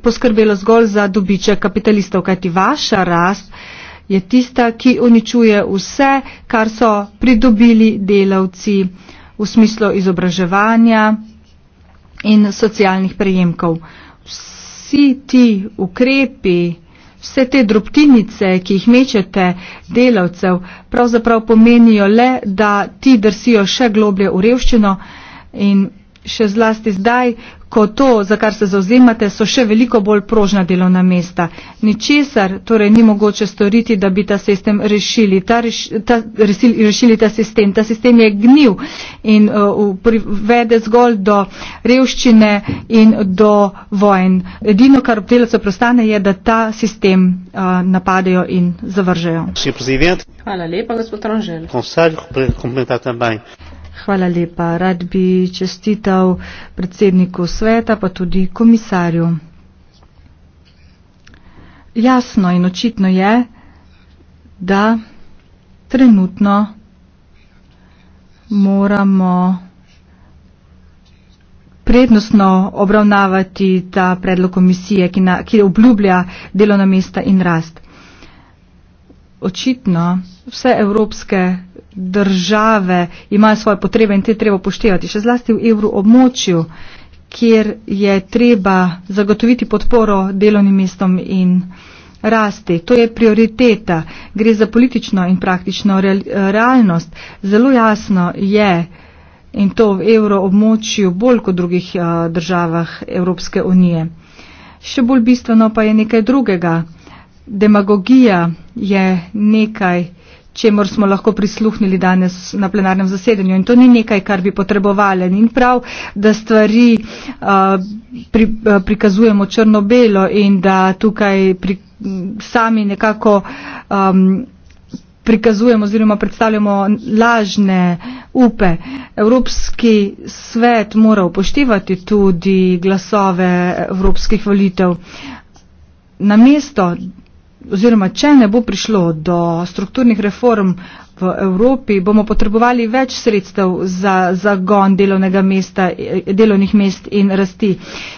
poskrbelo zgolj za dobiček kapitalistov, kajti vaša rast je tista, ki uničuje vse, kar so pridobili delavci v smislu izobraževanja, in socialnih prejemkov. Vsi ti ukrepi, vse te drobtinice, ki jih mečete delavcev, pravzaprav pomenijo le, da ti drsijo še globlje v revščino in še zlasti zdaj, ko to, za kar se zauzemate, so še veliko bolj prožna delovna mesta. Ničesar torej ni mogoče storiti, da bi ta sistem rešili, ta reš, ta, resili, rešili ta sistem. Ta sistem je gnil in uh, privede zgolj do revščine in do vojen. Edino, kar obdelaco prostane, je, da ta sistem uh, napadejo in zavržejo. Hvala lepa, gospod Ranžel. Hvala lepa. Rad bi čestital predsedniku sveta, pa tudi komisarju. Jasno in očitno je, da trenutno moramo prednostno obravnavati ta predlog komisije, ki, na, ki obljublja delovna mesta in rast. Očitno vse evropske države imajo svoje potrebe in te treba poštevati, še zlasti v evroobmočju, kjer je treba zagotoviti podporo delovnim mestom in rasti. To je prioriteta. Gre za politično in praktično realnost. Zelo jasno je in to v evroobmočju bolj kot drugih eh, državah Evropske unije. Še bolj bistveno pa je nekaj drugega. Demagogija je nekaj, čemor smo lahko prisluhnili danes na plenarnem zasedanju. In to ni nekaj, kar bi potrebovali. In prav, da stvari a, uh, pri, a, uh, prikazujemo črno-belo in da tukaj pri, sami nekako a, um, prikazujemo oziroma predstavljamo lažne upe. Evropski svet mora upoštevati tudi glasove evropskih volitev. Namesto, oziroma če ne bo prišlo do strukturnih reform v Evropi, bomo potrebovali več sredstev za zagon delovnega mesta, delovnih mest in rasti.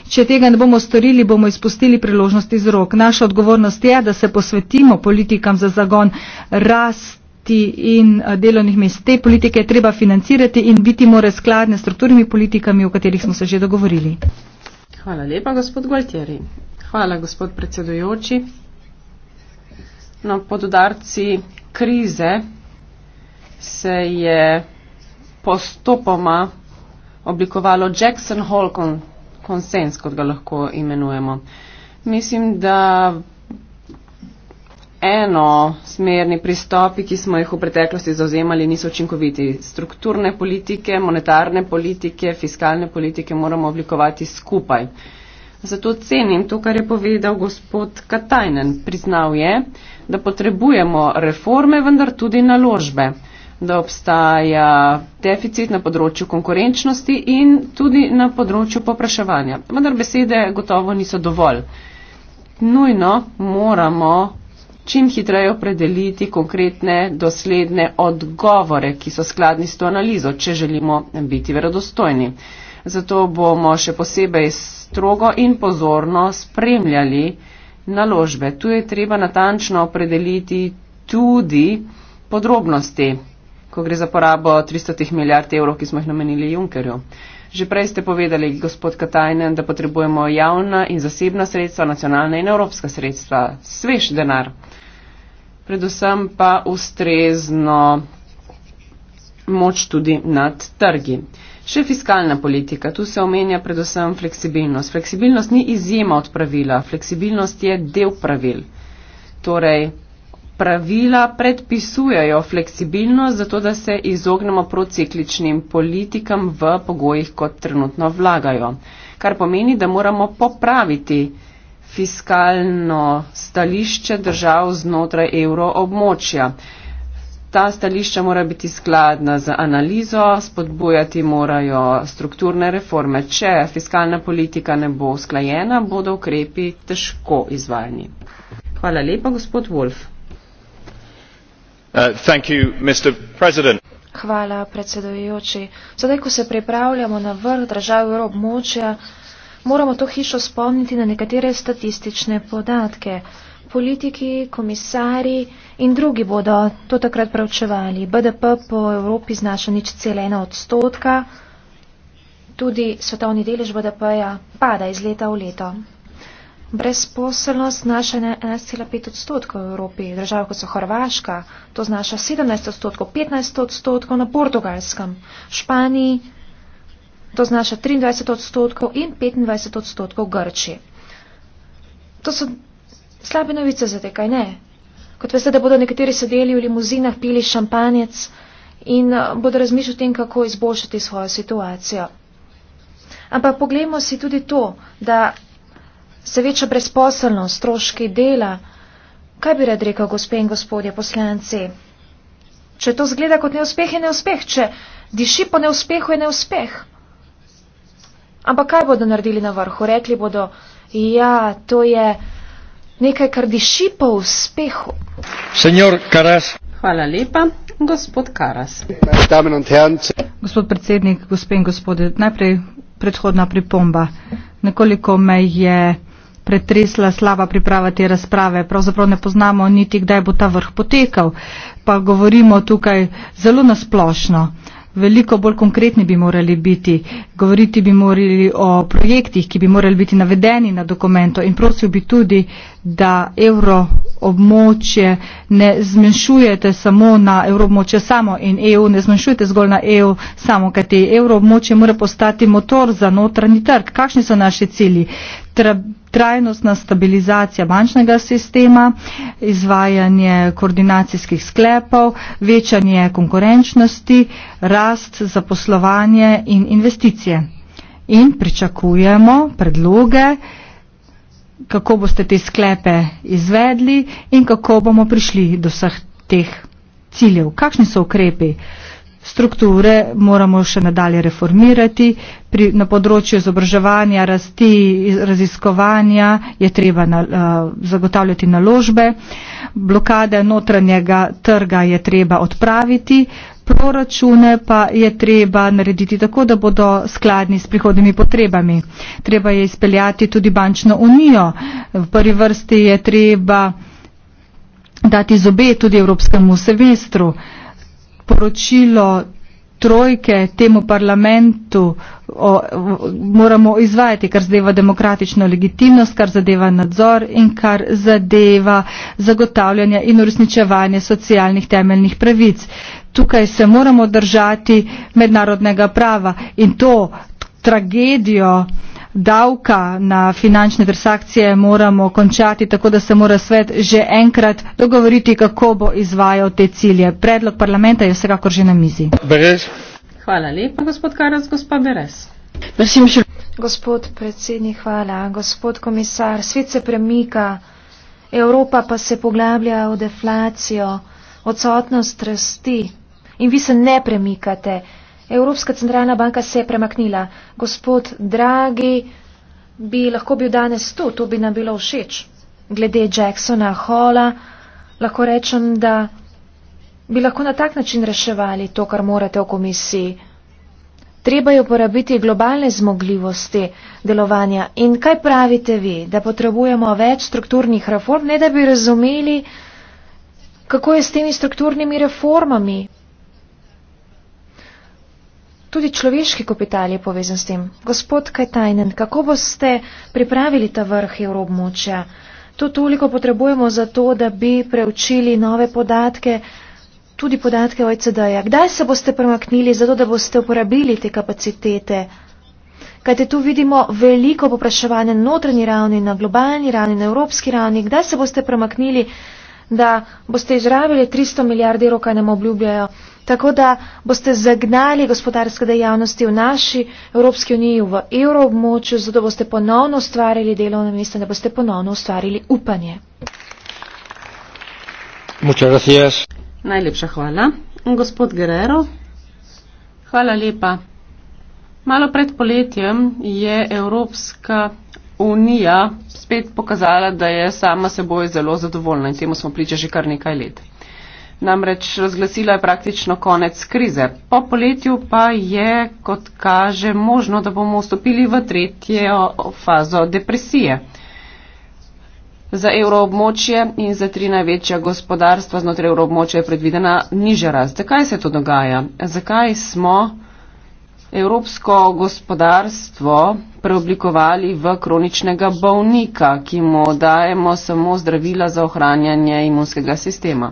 Če tega ne bomo storili, bomo izpustili priložnost iz rok. Naša odgovornost je, da se posvetimo politikam za zagon rast in eh, delovnih mest. Te politike je treba financirati in biti mora skladne s strukturnimi politikami, o katerih smo se že dogovorili. Hvala lepa, gospod Gualtieri. Hvala, gospod predsedujoči. No, pod udarci krize se je postopoma oblikovalo Jackson Hall konsens, kot ga lahko imenujemo. Mislim, da eno smerni pristopi, ki smo jih v preteklosti zauzemali, niso učinkoviti. Strukturne politike, monetarne politike, fiskalne politike moramo oblikovati skupaj. Uh, Zato cenim to, kar je povedal gospod Katajnen. Priznal je, da potrebujemo reforme, vendar tudi naložbe, da obstaja deficit na področju konkurenčnosti in tudi na področju popraševanja. Vendar besede gotovo niso dovolj. Nujno moramo čim hitreje opredeliti konkretne, dosledne odgovore, ki so skladni s to analizo, če želimo biti verodostojni. Zato bomo še posebej strogo in pozorno spremljali naložbe. Tu je treba natančno opredeliti tudi podrobnosti, ko gre za porabo 300 milijard evrov, ki smo jih namenili Junkerju. Že prej ste povedali, gospod Katajnen, da potrebujemo javna in zasebna sredstva, nacionalna in evropska sredstva, svež denar. Predvsem pa ustrezno moč tudi nad trgi. Še fiskalna politika. Tu se omenja predvsem fleksibilnost. Fleksibilnost ni izjema od pravila. Fleksibilnost je del pravil. Torej, pravila predpisujajo fleksibilnost, zato da se izognemo procikličnim politikam v pogojih, kot trenutno vlagajo. Kar pomeni, da moramo popraviti fiskalno stališče držav znotraj evroobmočja. Ta stališča mora biti skladna z analizo, spodbujati morajo strukturne reforme. Če fiskalna politika ne bo usklajena, bodo ukrepi težko izvajani. Hvala lepa, gospod Wolf. Uh, you, Hvala, predsedujoči. Zdaj, ko se pripravljamo na vrh držav evroobmočja, moramo to hišo spomniti na nekatere statistične podatke. Politiki, komisari, in drugi bodo to takrat pravčevali. BDP po Evropi znaša nič cele ena odstotka, tudi svetovni delež BDP-ja pada iz leta v leto. Brezposelnost znaša 11,5 odstotkov v Evropi, države kot so Hrvaška, to znaša 17 odstotkov, 15 odstotkov na Portugalskem, Španiji, to znaša 23 odstotkov in 25 odstotkov v Grči. To so slabe novice za te, kaj ne? kot veste, da bodo nekateri sedeli v limuzinah, pili šampanjec in eh, bodo razmišljali o tem, kako izboljšati svojo situacijo. Ampak poglejmo si tudi to, da se veča brezposelnost, stroški dela. Kaj bi rad rekel, gospe in gospodje poslanci? Če to zgleda kot neuspeh, je neuspeh. Če diši po neuspehu, je neuspeh. Ampak kaj bodo naredili na vrhu? Rekli bodo, ja, to je nekaj, kar diši po uspehu. Senjor Karas. Hvala lepa, gospod Karas. Gospod predsednik, gospe in gospode, najprej predhodna pripomba. Nekoliko me je pretresla slaba priprava te razprave. Pravzaprav ne poznamo niti, kdaj bo ta vrh potekal, pa govorimo tukaj zelo nasplošno. Uh, veliko bolj konkretni bi morali biti, govoriti bi morali o projektih, ki bi morali biti navedeni na dokumento in prosil bi tudi, da evro območje ne zmanjšujete samo na evro območje samo in EU ne zmanjšujete zgolj na EU samo, kaj te evro območje mora postati motor za notranji trg. Kakšni so naši cilji? Treba trajnostna stabilizacija bančnega sistema, izvajanje koordinacijskih sklepov, večanje konkurenčnosti, rast zaposlovanje in investicije. In pričakujemo predloge, kako boste te sklepe izvedli in kako bomo prišli do vseh teh ciljev. Kakšni so ukrepi? Uh, strukture moramo še nadalje reformirati, pri, na področju izobraževanja, rasti, raziskovanja je treba na, uh, zagotavljati naložbe, blokade notranjega trga je treba odpraviti, proračune pa je treba narediti tako, da bodo skladni s prihodnimi potrebami. Treba je izpeljati tudi bančno unijo, v prvi vrsti je treba dati zobe tudi evropskemu semestru. Uh, poročilo trojke temu parlamentu o, o, moramo izvajati, kar zadeva demokratično legitimnost, kar zadeva nadzor in kar zadeva zagotavljanje in uresničevanje socialnih temeljnih pravic. Tukaj se moramo držati mednarodnega prava in to tragedijo, davka na finančne transakcije moramo končati, tako da se mora svet že enkrat dogovoriti, kako bo izvajal te cilje. Predlog parlamenta je vsekakor že na mizi. Beres. Hvala lepa, gospod Karas, gospod Beres. Prosim, še... Gospod predsednik, hvala. Gospod komisar, svet se premika, Evropa pa se poglablja v deflacijo, odsotnost rasti in vi se ne premikate. Evropska centralna banka se je premaknila. Gospod Dragi, bi lahko bil danes tu, to bi nam bilo všeč. Glede Jacksona, Hola, lahko rečem, da bi lahko na tak način reševali to, kar morate v komisiji. Treba je uporabiti globalne zmogljivosti delovanja. In kaj pravite vi, da potrebujemo več strukturnih reform, ne da bi razumeli, kako je s temi strukturnimi reformami? Tudi človeški kapital je povezan s tem. Gospod Kajtajnen, kako boste pripravili ta vrh evroobmočja? To toliko potrebujemo za to, da bi preučili nove podatke, tudi podatke OECD-ja. Kdaj se boste premaknili za to, da boste uporabili te kapacitete? Kaj te tu vidimo veliko popraševanja na notranji ravni, na globalni ravni, na evropski ravni? Kdaj se boste premaknili, da boste izrabili 300 milijard evrov, kaj nam obljubljajo? Tako da boste zagnali gospodarske dejavnosti v naši Evropski uniji, v evroobmočju, zato boste ponovno ustvarili delovne mesta, da boste ponovno ustvarili upanje. Najlepša hvala. Gospod Guerrero. Hvala lepa. Malo pred poletjem je Evropska unija spet pokazala, da je sama seboj zelo zadovoljna in temu smo priča že kar nekaj let namreč razglasila je praktično konec krize. Po poletju pa je, kot kaže, možno, da bomo vstopili v tretjo fazo depresije. Za evroobmočje in za tri največja gospodarstva znotraj evroobmočja je predvidena nižja rast. Zakaj se to dogaja? Zakaj smo evropsko gospodarstvo preoblikovali v kroničnega bolnika, ki mu dajemo samo zdravila za ohranjanje imunskega sistema?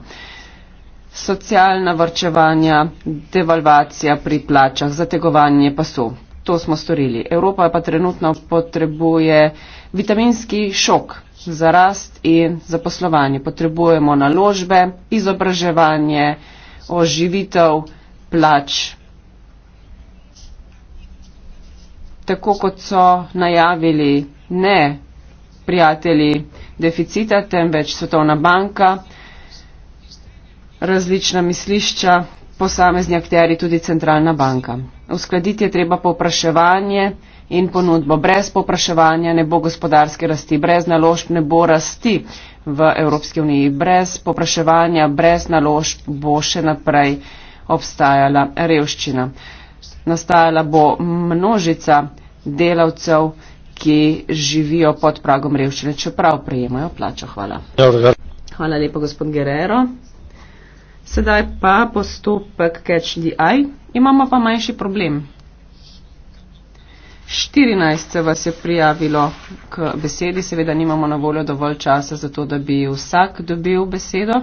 socialna vrčevanja, devalvacija pri plačah, zategovanje pasu. To smo storili. Evropa pa trenutno potrebuje vitaminski šok za rast in zaposlovanje. Potrebujemo naložbe, izobraževanje, oživitev plač. Tako kot so najavili ne prijatelji deficita, temveč Svetovna banka različna mislišča, posamezni akteri, tudi centralna banka. Uskladiti je treba popraševanje in ponudbo. Brez popraševanja ne bo gospodarske rasti, brez naložb ne bo rasti v Evropski uniji. Brez popraševanja, brez naložb bo še naprej obstajala revščina. Nastajala bo množica delavcev, ki živijo pod pragom revščine, čeprav prejemajo plačo. Hvala. Hvala lepo, gospod Gerero. Sedaj pa postopek catch the eye. Imamo pa manjši problem. 14 vas je prijavilo k besedi, seveda nimamo na voljo dovolj časa za to, da bi vsak dobil besedo.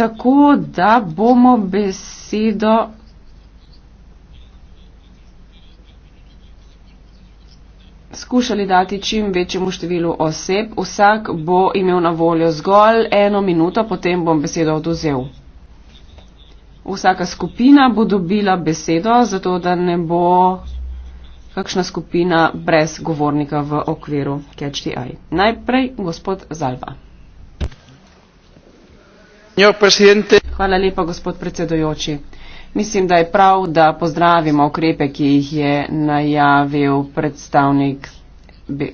Tako da bomo besedo skušali dati čim večjemu številu oseb. Vsak bo imel na voljo zgolj eno minuto, potem bom besedo oduzel. Vsaka skupina bo dobila besedo, zato da ne bo kakšna skupina brez govornika v okviru Catch the Eye. Najprej gospod Zalva. Hvala lepa, gospod predsedojoči. Mislim, da je prav, da pozdravimo ukrepe, ki jih je najavil predstavnik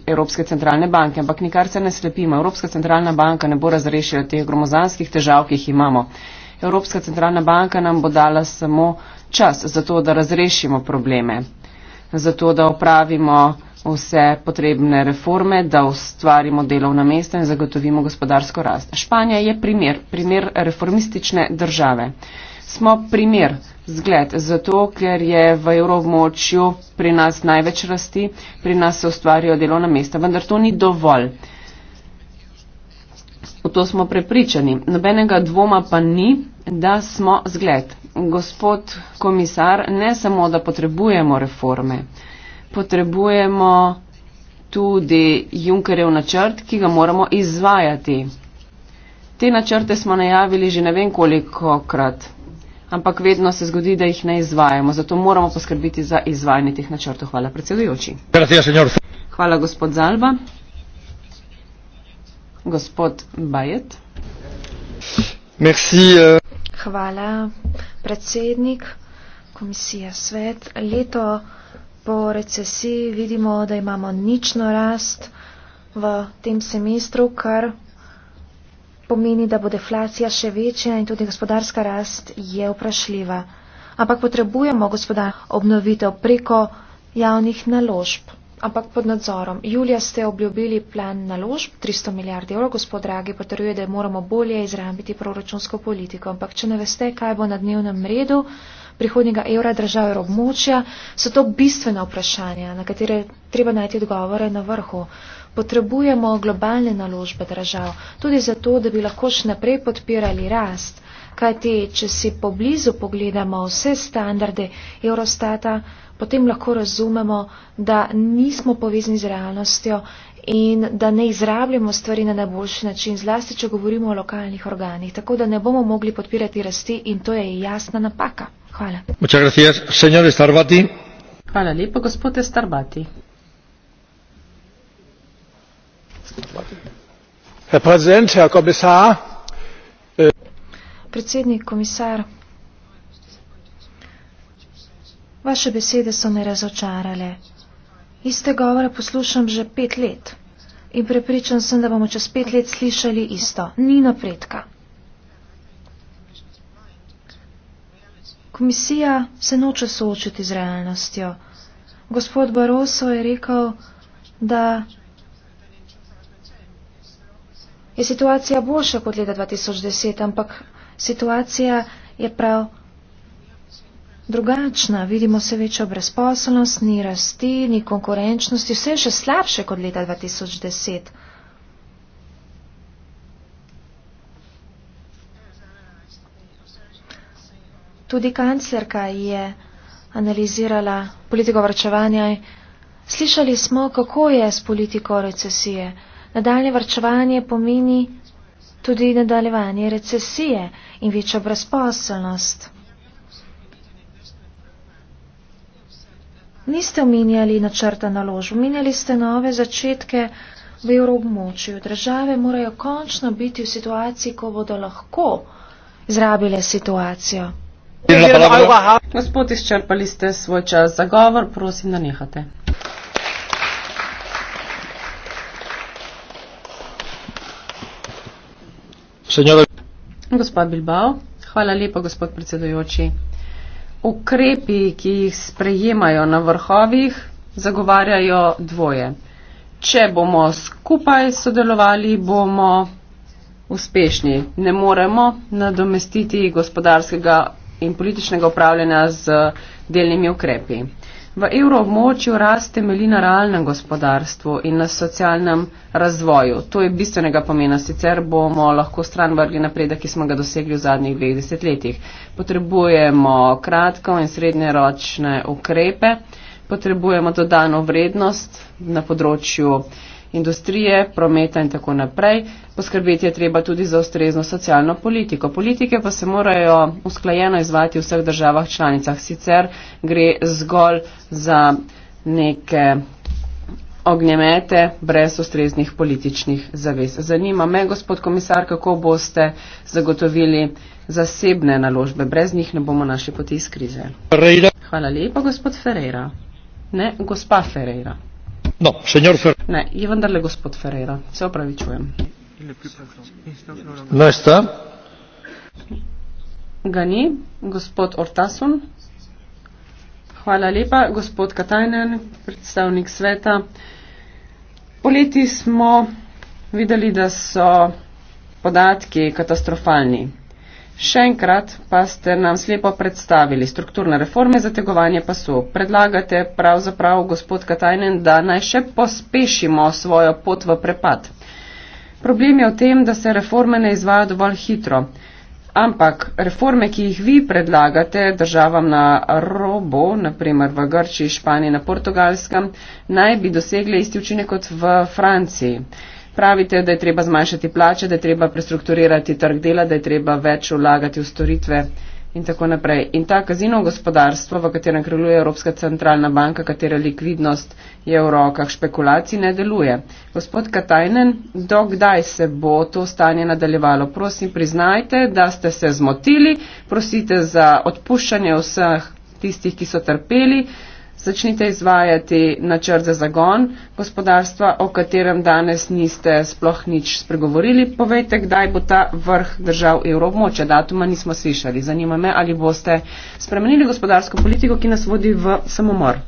Evropske centralne banke, ampak nikar se ne slepimo. Evropska centralna banka ne bo razrešila teh gromozanskih težav, ki jih imamo. Evropska centralna banka nam bo dala samo čas za to, da razrešimo probleme, za to, da opravimo vse potrebne reforme, da ustvarimo delovna mesta in zagotovimo gospodarsko rast. Španija je primer, primer reformistične države smo primer zgled, zato ker je v evrovmočju pri nas največ rasti, pri nas se ustvarjajo delovna mesta, vendar to ni dovolj. V to smo prepričani. Nobenega dvoma pa ni, da smo zgled. Gospod komisar, ne samo, da potrebujemo reforme, potrebujemo tudi Junkerjev načrt, ki ga moramo izvajati. Te načrte smo najavili že ne vem koliko krat ampak vedno se zgodi, da jih ne izvajamo. Zato moramo poskrbiti za izvajanje teh načrtov. Hvala, predsedujoči. Hvala, gospod Zalba. Gospod Bajet. Merci, uh... Hvala, predsednik komisije Svet. Leto po recesiji vidimo, da imamo nično rast v tem semestru, kar pomeni, da bo deflacija še večja in tudi gospodarska rast je vprašljiva. Ampak potrebujemo gospodar obnovitev preko javnih naložb, ampak pod nadzorom. Julija ste obljubili plan naložb 300 milijard evrov, gospod Dragi potrjuje, da moramo bolje izrambiti proračunsko politiko. Ampak če ne veste, kaj bo na dnevnem redu prihodnjega evra države in območja, so to bistvena vprašanja, na katere treba najti odgovore na vrhu. Potrebujemo globalne naložbe držav, tudi zato, da bi lahko še naprej podpirali rast, kajti, če si poblizu pogledamo vse standarde Eurostata, potem lahko razumemo, da nismo povezani z realnostjo in da ne izrabljamo stvari na najboljši način, zlasti, če govorimo o lokalnih organih, tako da ne bomo mogli podpirati rasti in to je jasna napaka. Hvala. Hvala lepa, gospod Starbati. Herr Präsident, Herr Kommissar. Predsednik, komisar, vaše besede so me razočarale. Iste govore poslušam že pet let in prepričan sem, da bomo čez pet let slišali isto. Ni napredka. Komisija se noče soočiti z realnostjo. Gospod Baroso je rekel, da je situacija boljša kot leta 2010, ampak situacija je prav drugačna. Vidimo se večjo brezposelnost, ni rasti, ni konkurenčnosti, vse je še slabše kot leta 2010. Tudi kanclerka je analizirala politiko vrčevanja. Slišali smo, kako je s politiko recesije. Nadaljne vrčevanje pomeni tudi nadaljevanje recesije in večjo brezposelnost. Niste omenjali načrta naložb, omenjali ste nove začetke v evroobmočju. Države morajo končno biti v situaciji, ko bodo lahko izrabile situacijo. Gospod, izčrpali ste svoj čas za govor, prosim, da nehate. Senjora. Gospod Bilbao, hvala lepa, gospod predsedujoči. Ukrepi, ki jih sprejemajo na vrhovih, zagovarjajo dvoje. Če bomo skupaj sodelovali, bomo uspešni. Ne moremo nadomestiti gospodarskega in političnega upravljanja z delnimi ukrepi. V evroobmočju rast temelji na realnem gospodarstvu in na socialnem razvoju. To je bistvenega pomena, sicer bomo lahko stran vrgli napredek, ki smo ga dosegli v zadnjih dveh desetletjih. Potrebujemo kratko in srednjeročne ukrepe, potrebujemo dodano vrednost na področju industrije, prometa in tako naprej. Poskrbeti je treba tudi za ustrezno socialno politiko. Politike pa se morajo usklajeno izvati v vseh državah članicah, sicer gre zgolj za neke ognjemete brez ustreznih političnih zavez. Zanima me, gospod komisar, kako boste zagotovili zasebne naložbe. Brez njih ne bomo našli poti iz krize. Hvala lepa, gospod Ferreira. Ne, gospa Ferreira. No, señor Ferreira. Ne, je vendarle gospod Ferreira. Se opravičujem. Ne no sta. Ga ni. Gospod Ortasun. Hvala lepa. Gospod Katajnen, predstavnik sveta. Poleti smo videli, da so podatki katastrofalni. Še enkrat pa ste nam slepo predstavili strukturne reforme za tegovanje pasu. Predlagate pravzaprav, gospod Katajnen, da naj še pospešimo svojo pot v prepad. Problem je v tem, da se reforme ne izvaja dovolj hitro. Ampak reforme, ki jih vi predlagate državam na robo, naprimer v Grčiji, Španiji, na Portugalskem, naj bi dosegle isti učinek kot v Franciji pravite, da je treba zmanjšati plače, da je treba prestrukturirati trg dela, da je treba več vlagati v storitve in tako naprej. In ta kazino gospodarstvo, v katerem kreluje Evropska centralna banka, katera likvidnost je v rokah špekulacij, ne deluje. Gospod Katajnen, dokdaj se bo to stanje nadaljevalo? Prosim, priznajte, da ste se zmotili, prosite za odpuščanje vseh tistih, ki so trpeli začnite izvajati načrt za zagon gospodarstva, o katerem danes niste sploh nič spregovorili. Povejte, kdaj bo ta vrh držav evroobmoča. Datuma nismo slišali. Zanima me, ali boste spremenili gospodarsko politiko, ki nas vodi v samomor.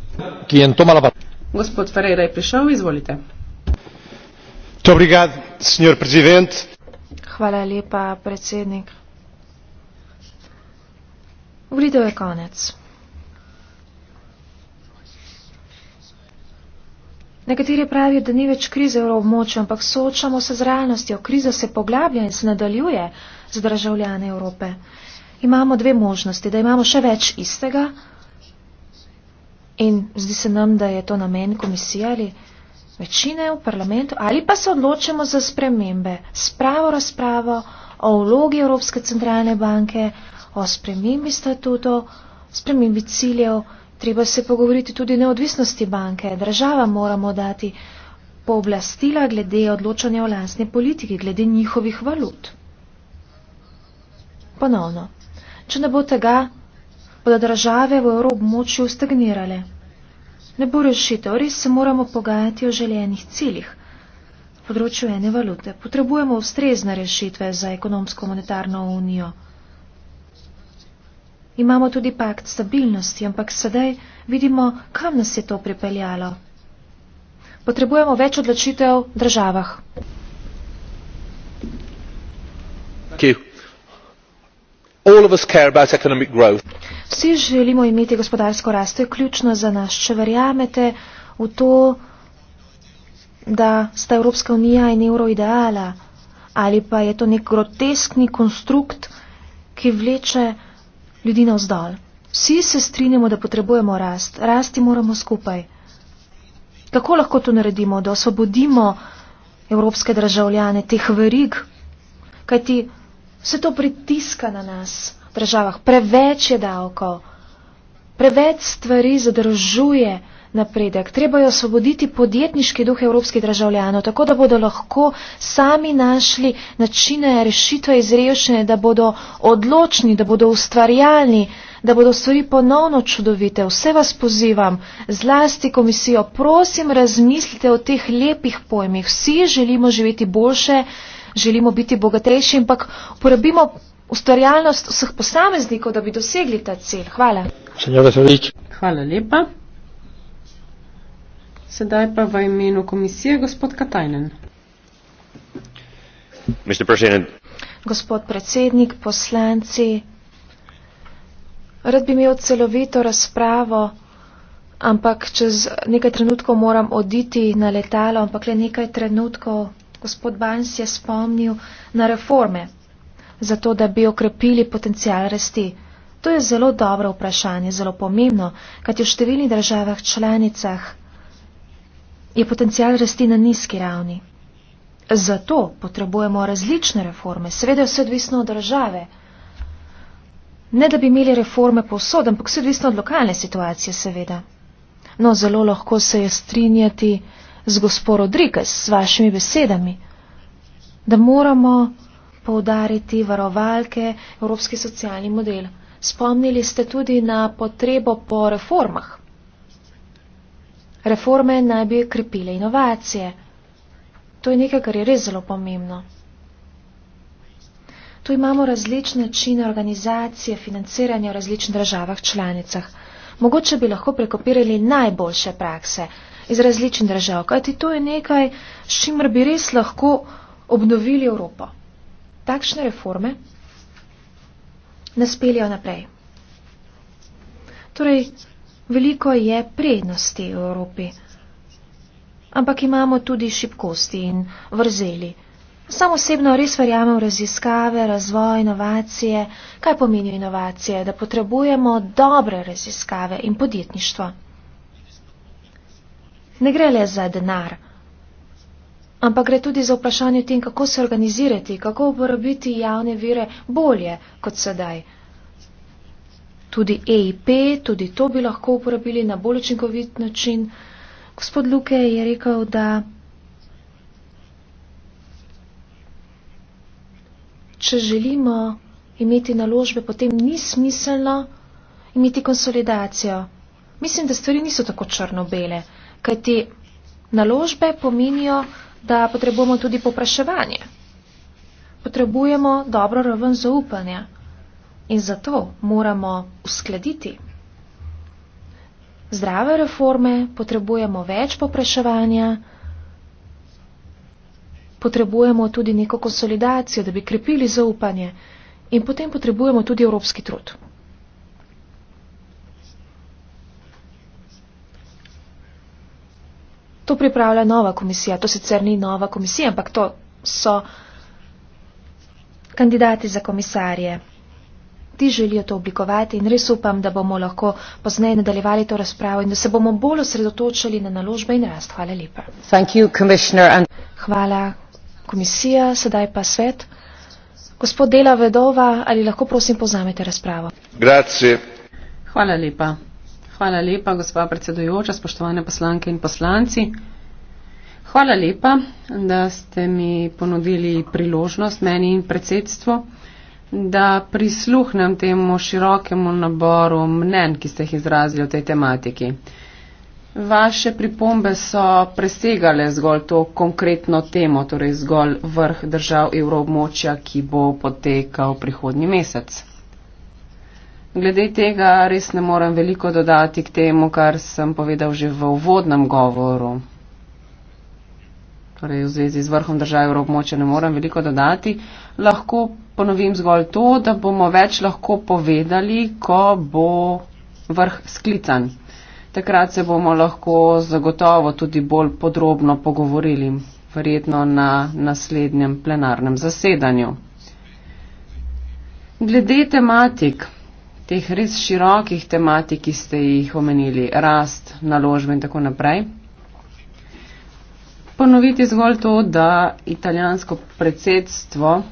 Gospod Ferreira je prišel, izvolite. Obrigad, Hvala lepa, predsednik. Uvidel je konec. Nekateri pravijo, da ni več krize v območju, ampak soočamo se z realnostjo. Kriza se poglablja in se nadaljuje z državljane Evrope. Imamo dve možnosti, da imamo še več istega in zdi se nam, da je to namen komisije ali večine v parlamentu, ali pa se odločimo za spremembe, spravo razpravo o vlogi Evropske centralne banke, o spremembi statuto, spremembi ciljev Treba se pogovoriti tudi o neodvisnosti banke. Država moramo dati pooblastila glede odločanja o lastni politiki, glede njihovih valut. Ponovno, če ne bo tega, bodo države v evroobmočju stagnirale. Ne bo rešitev, res se moramo pogajati o željenih ciljih področju ene valute. Potrebujemo ustrezne rešitve za ekonomsko-monetarno unijo. Imamo tudi pakt stabilnosti, ampak sedaj vidimo, kam nas je to pripeljalo. Potrebujemo več odločitev v državah. Vsi želimo imeti gospodarsko rast. To je ključno za nas. Če verjamete v to, da sta Evropska unija in evro ideala, ali pa je to nek groteskni konstrukt, ki vleče ljudi navzdol. Vsi se strinjamo, da potrebujemo rast, rasti moramo skupaj. Kako lahko to naredimo, da osvobodimo evropske državljane teh verig, kajti vse to pritiska na nas v državah, preveč je davkov, preveč stvari zadržuje napredek. Treba je osvoboditi podjetniški duh evropskih državljanov, tako da bodo lahko sami našli načine rešitve iz revščine, da bodo odločni, da bodo ustvarjalni, da bodo stvari ponovno čudovite. Vse vas pozivam, zlasti komisijo, prosim, razmislite o teh lepih pojmih. Vsi želimo živeti boljše, želimo biti bogatejši, ampak uporabimo ustvarjalnost vseh posameznikov, da bi dosegli ta cilj. Hvala. Hvala lepa. Sedaj pa v imenu komisije gospod Katajnen. Gospod predsednik, poslanci, rad bi imel celovito razpravo, ampak čez nekaj trenutkov moram oditi na letalo, ampak le nekaj trenutkov gospod Bans je spomnil na reforme, zato da bi okrepili potencial rasti. To je zelo dobro vprašanje, zelo pomembno, kajti v številnih državah članicah je potencial rasti na nizki ravni. Zato potrebujemo različne reforme, seveda vse odvisno od države. Ne da bi imeli reforme povsod, ampak vse odvisno od lokalne situacije, seveda. No, zelo lahko se je strinjati z gospod Rodrigues, s vašimi besedami, da moramo poudariti varovalke Evropski socialni model. Spomnili ste tudi na potrebo po reformah. Reforme naj bi krepile inovacije. To je nekaj, kar je res zelo pomembno. Tu imamo različne načine organizacije financiranja v različnih državah članicah. Mogoče bi lahko prekopirali najboljše prakse iz različnih držav, kajti to je nekaj, s čimer bi res lahko obnovili Evropo. Takšne reforme nas peljejo naprej. Torej, Veliko je prednosti v Evropi, ampak imamo tudi šibkosti in vrzeli. Sam osebno res verjamem v raziskave, razvoj, inovacije. Kaj pomeni inovacije? Da potrebujemo dobre raziskave in podjetništvo. Ne gre le za denar, ampak gre tudi za vprašanje tem, kako se organizirati, kako uporabiti javne vire bolje kot sedaj tudi EIP, tudi to bi lahko uporabili na bolj učinkovit način. Gospod Luke je rekel, da če želimo imeti naložbe, potem ni smiselno imeti konsolidacijo. Mislim, da stvari niso tako črno-bele, kajti naložbe pomenijo, da potrebujemo tudi popraševanje. Potrebujemo dobro raven zaupanja. In zato moramo uskladiti. Zdrave reforme potrebujemo več popraševanja, potrebujemo tudi neko konsolidacijo, da bi krepili zaupanje in potem potrebujemo tudi evropski trud. To pripravlja nova komisija, to sicer ni nova komisija, ampak to so kandidati za komisarje ti želijo to oblikovati in res upam, da bomo lahko pozneje nadaljevali to razpravo in da se bomo bolj osredotočili na naložbe in rast. Hvala lepa. You, and... Hvala komisija, sedaj pa svet. Gospod Dela Vedova, ali lahko prosim poznamete razpravo? Grazie. Hvala lepa. Hvala lepa, gospa predsedujoča, spoštovane poslanke in poslanci. Hvala lepa, da ste mi ponudili priložnost meni in predsedstvu da prisluhnem temu širokemu naboru mnen, ki ste jih izrazili o tej tematiki. Vaše pripombe so presegale zgolj to konkretno temo, torej zgolj vrh držav evroobmočja, ki bo potekal prihodnji mesec. Glede tega res ne morem veliko dodati k temu, kar sem povedal že v uvodnem govoru torej v zvezi z vrhom držav Evropmoče ne morem veliko dodati. Lahko ponovim zgolj to, da bomo več lahko povedali, ko bo vrh sklican. Takrat se bomo lahko zagotovo tudi bolj podrobno pogovorili, verjetno na naslednjem plenarnem zasedanju. Glede tematik, teh res širokih tematik, ki ste jih omenili, rast, naložbe in tako naprej ponoviti zgolj to, da italijansko predsedstvo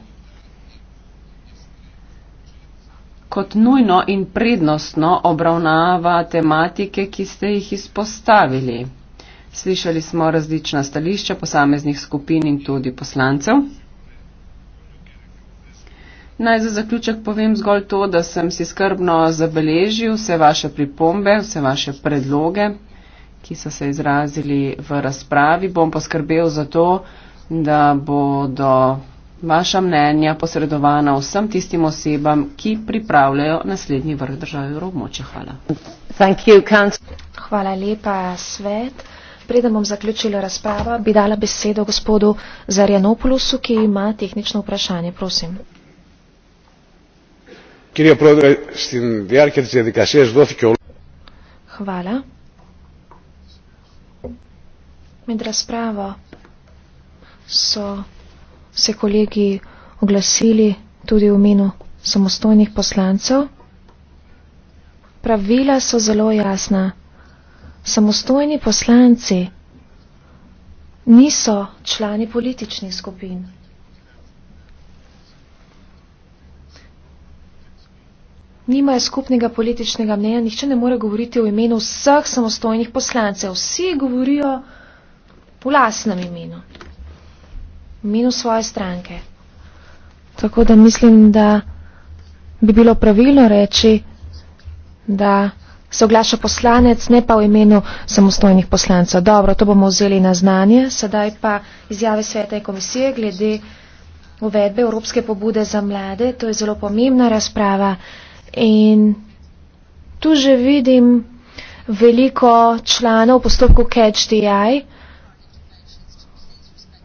kot nujno in prednostno obravnava tematike, ki ste jih izpostavili. Slišali smo različna stališča posameznih skupin in tudi poslancev. Naj za zaključek povem zgolj to, da sem si skrbno zabeležil vse vaše pripombe, vse vaše predloge ki so se izrazili v razpravi. Bom poskrbel za to, da bodo vaša mnenja posredovana vsem tistim osebam, ki pripravljajo naslednji vrh države Evropmoče. Hvala. Hvala lepa, svet. Preden bom zaključila razprava, bi dala besedo gospodu Zarjanopulusu, ki ima tehnično vprašanje. Prosim. Hvala. Med razpravo so se kolegi oglasili tudi v menu samostojnih poslancev. Pravila so zelo jasna. Samostojni poslanci niso člani političnih skupin. Nimajo skupnega političnega mnenja, nihče ne more govoriti v imenu vseh samostojnih poslancev. Vsi govorijo v lasnem imenu, imenu svoje stranke. Tako da mislim, da bi bilo pravilno reči, da se oglaša poslanec, ne pa v imenu samostojnih poslancev. Dobro, to bomo vzeli na znanje. Sedaj pa izjave Svete komisije glede uvedbe Evropske pobude za mlade. To je zelo pomembna razprava in tu že vidim veliko članov v postopku Catch the Eye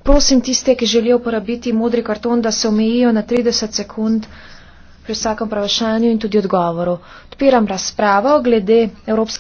prosim tiste, ki želijo uporabiti modri karton, da se omejijo na 30 sekund pri vsakem vprašanju in tudi odgovoru. Odpiram razpravo glede Evropske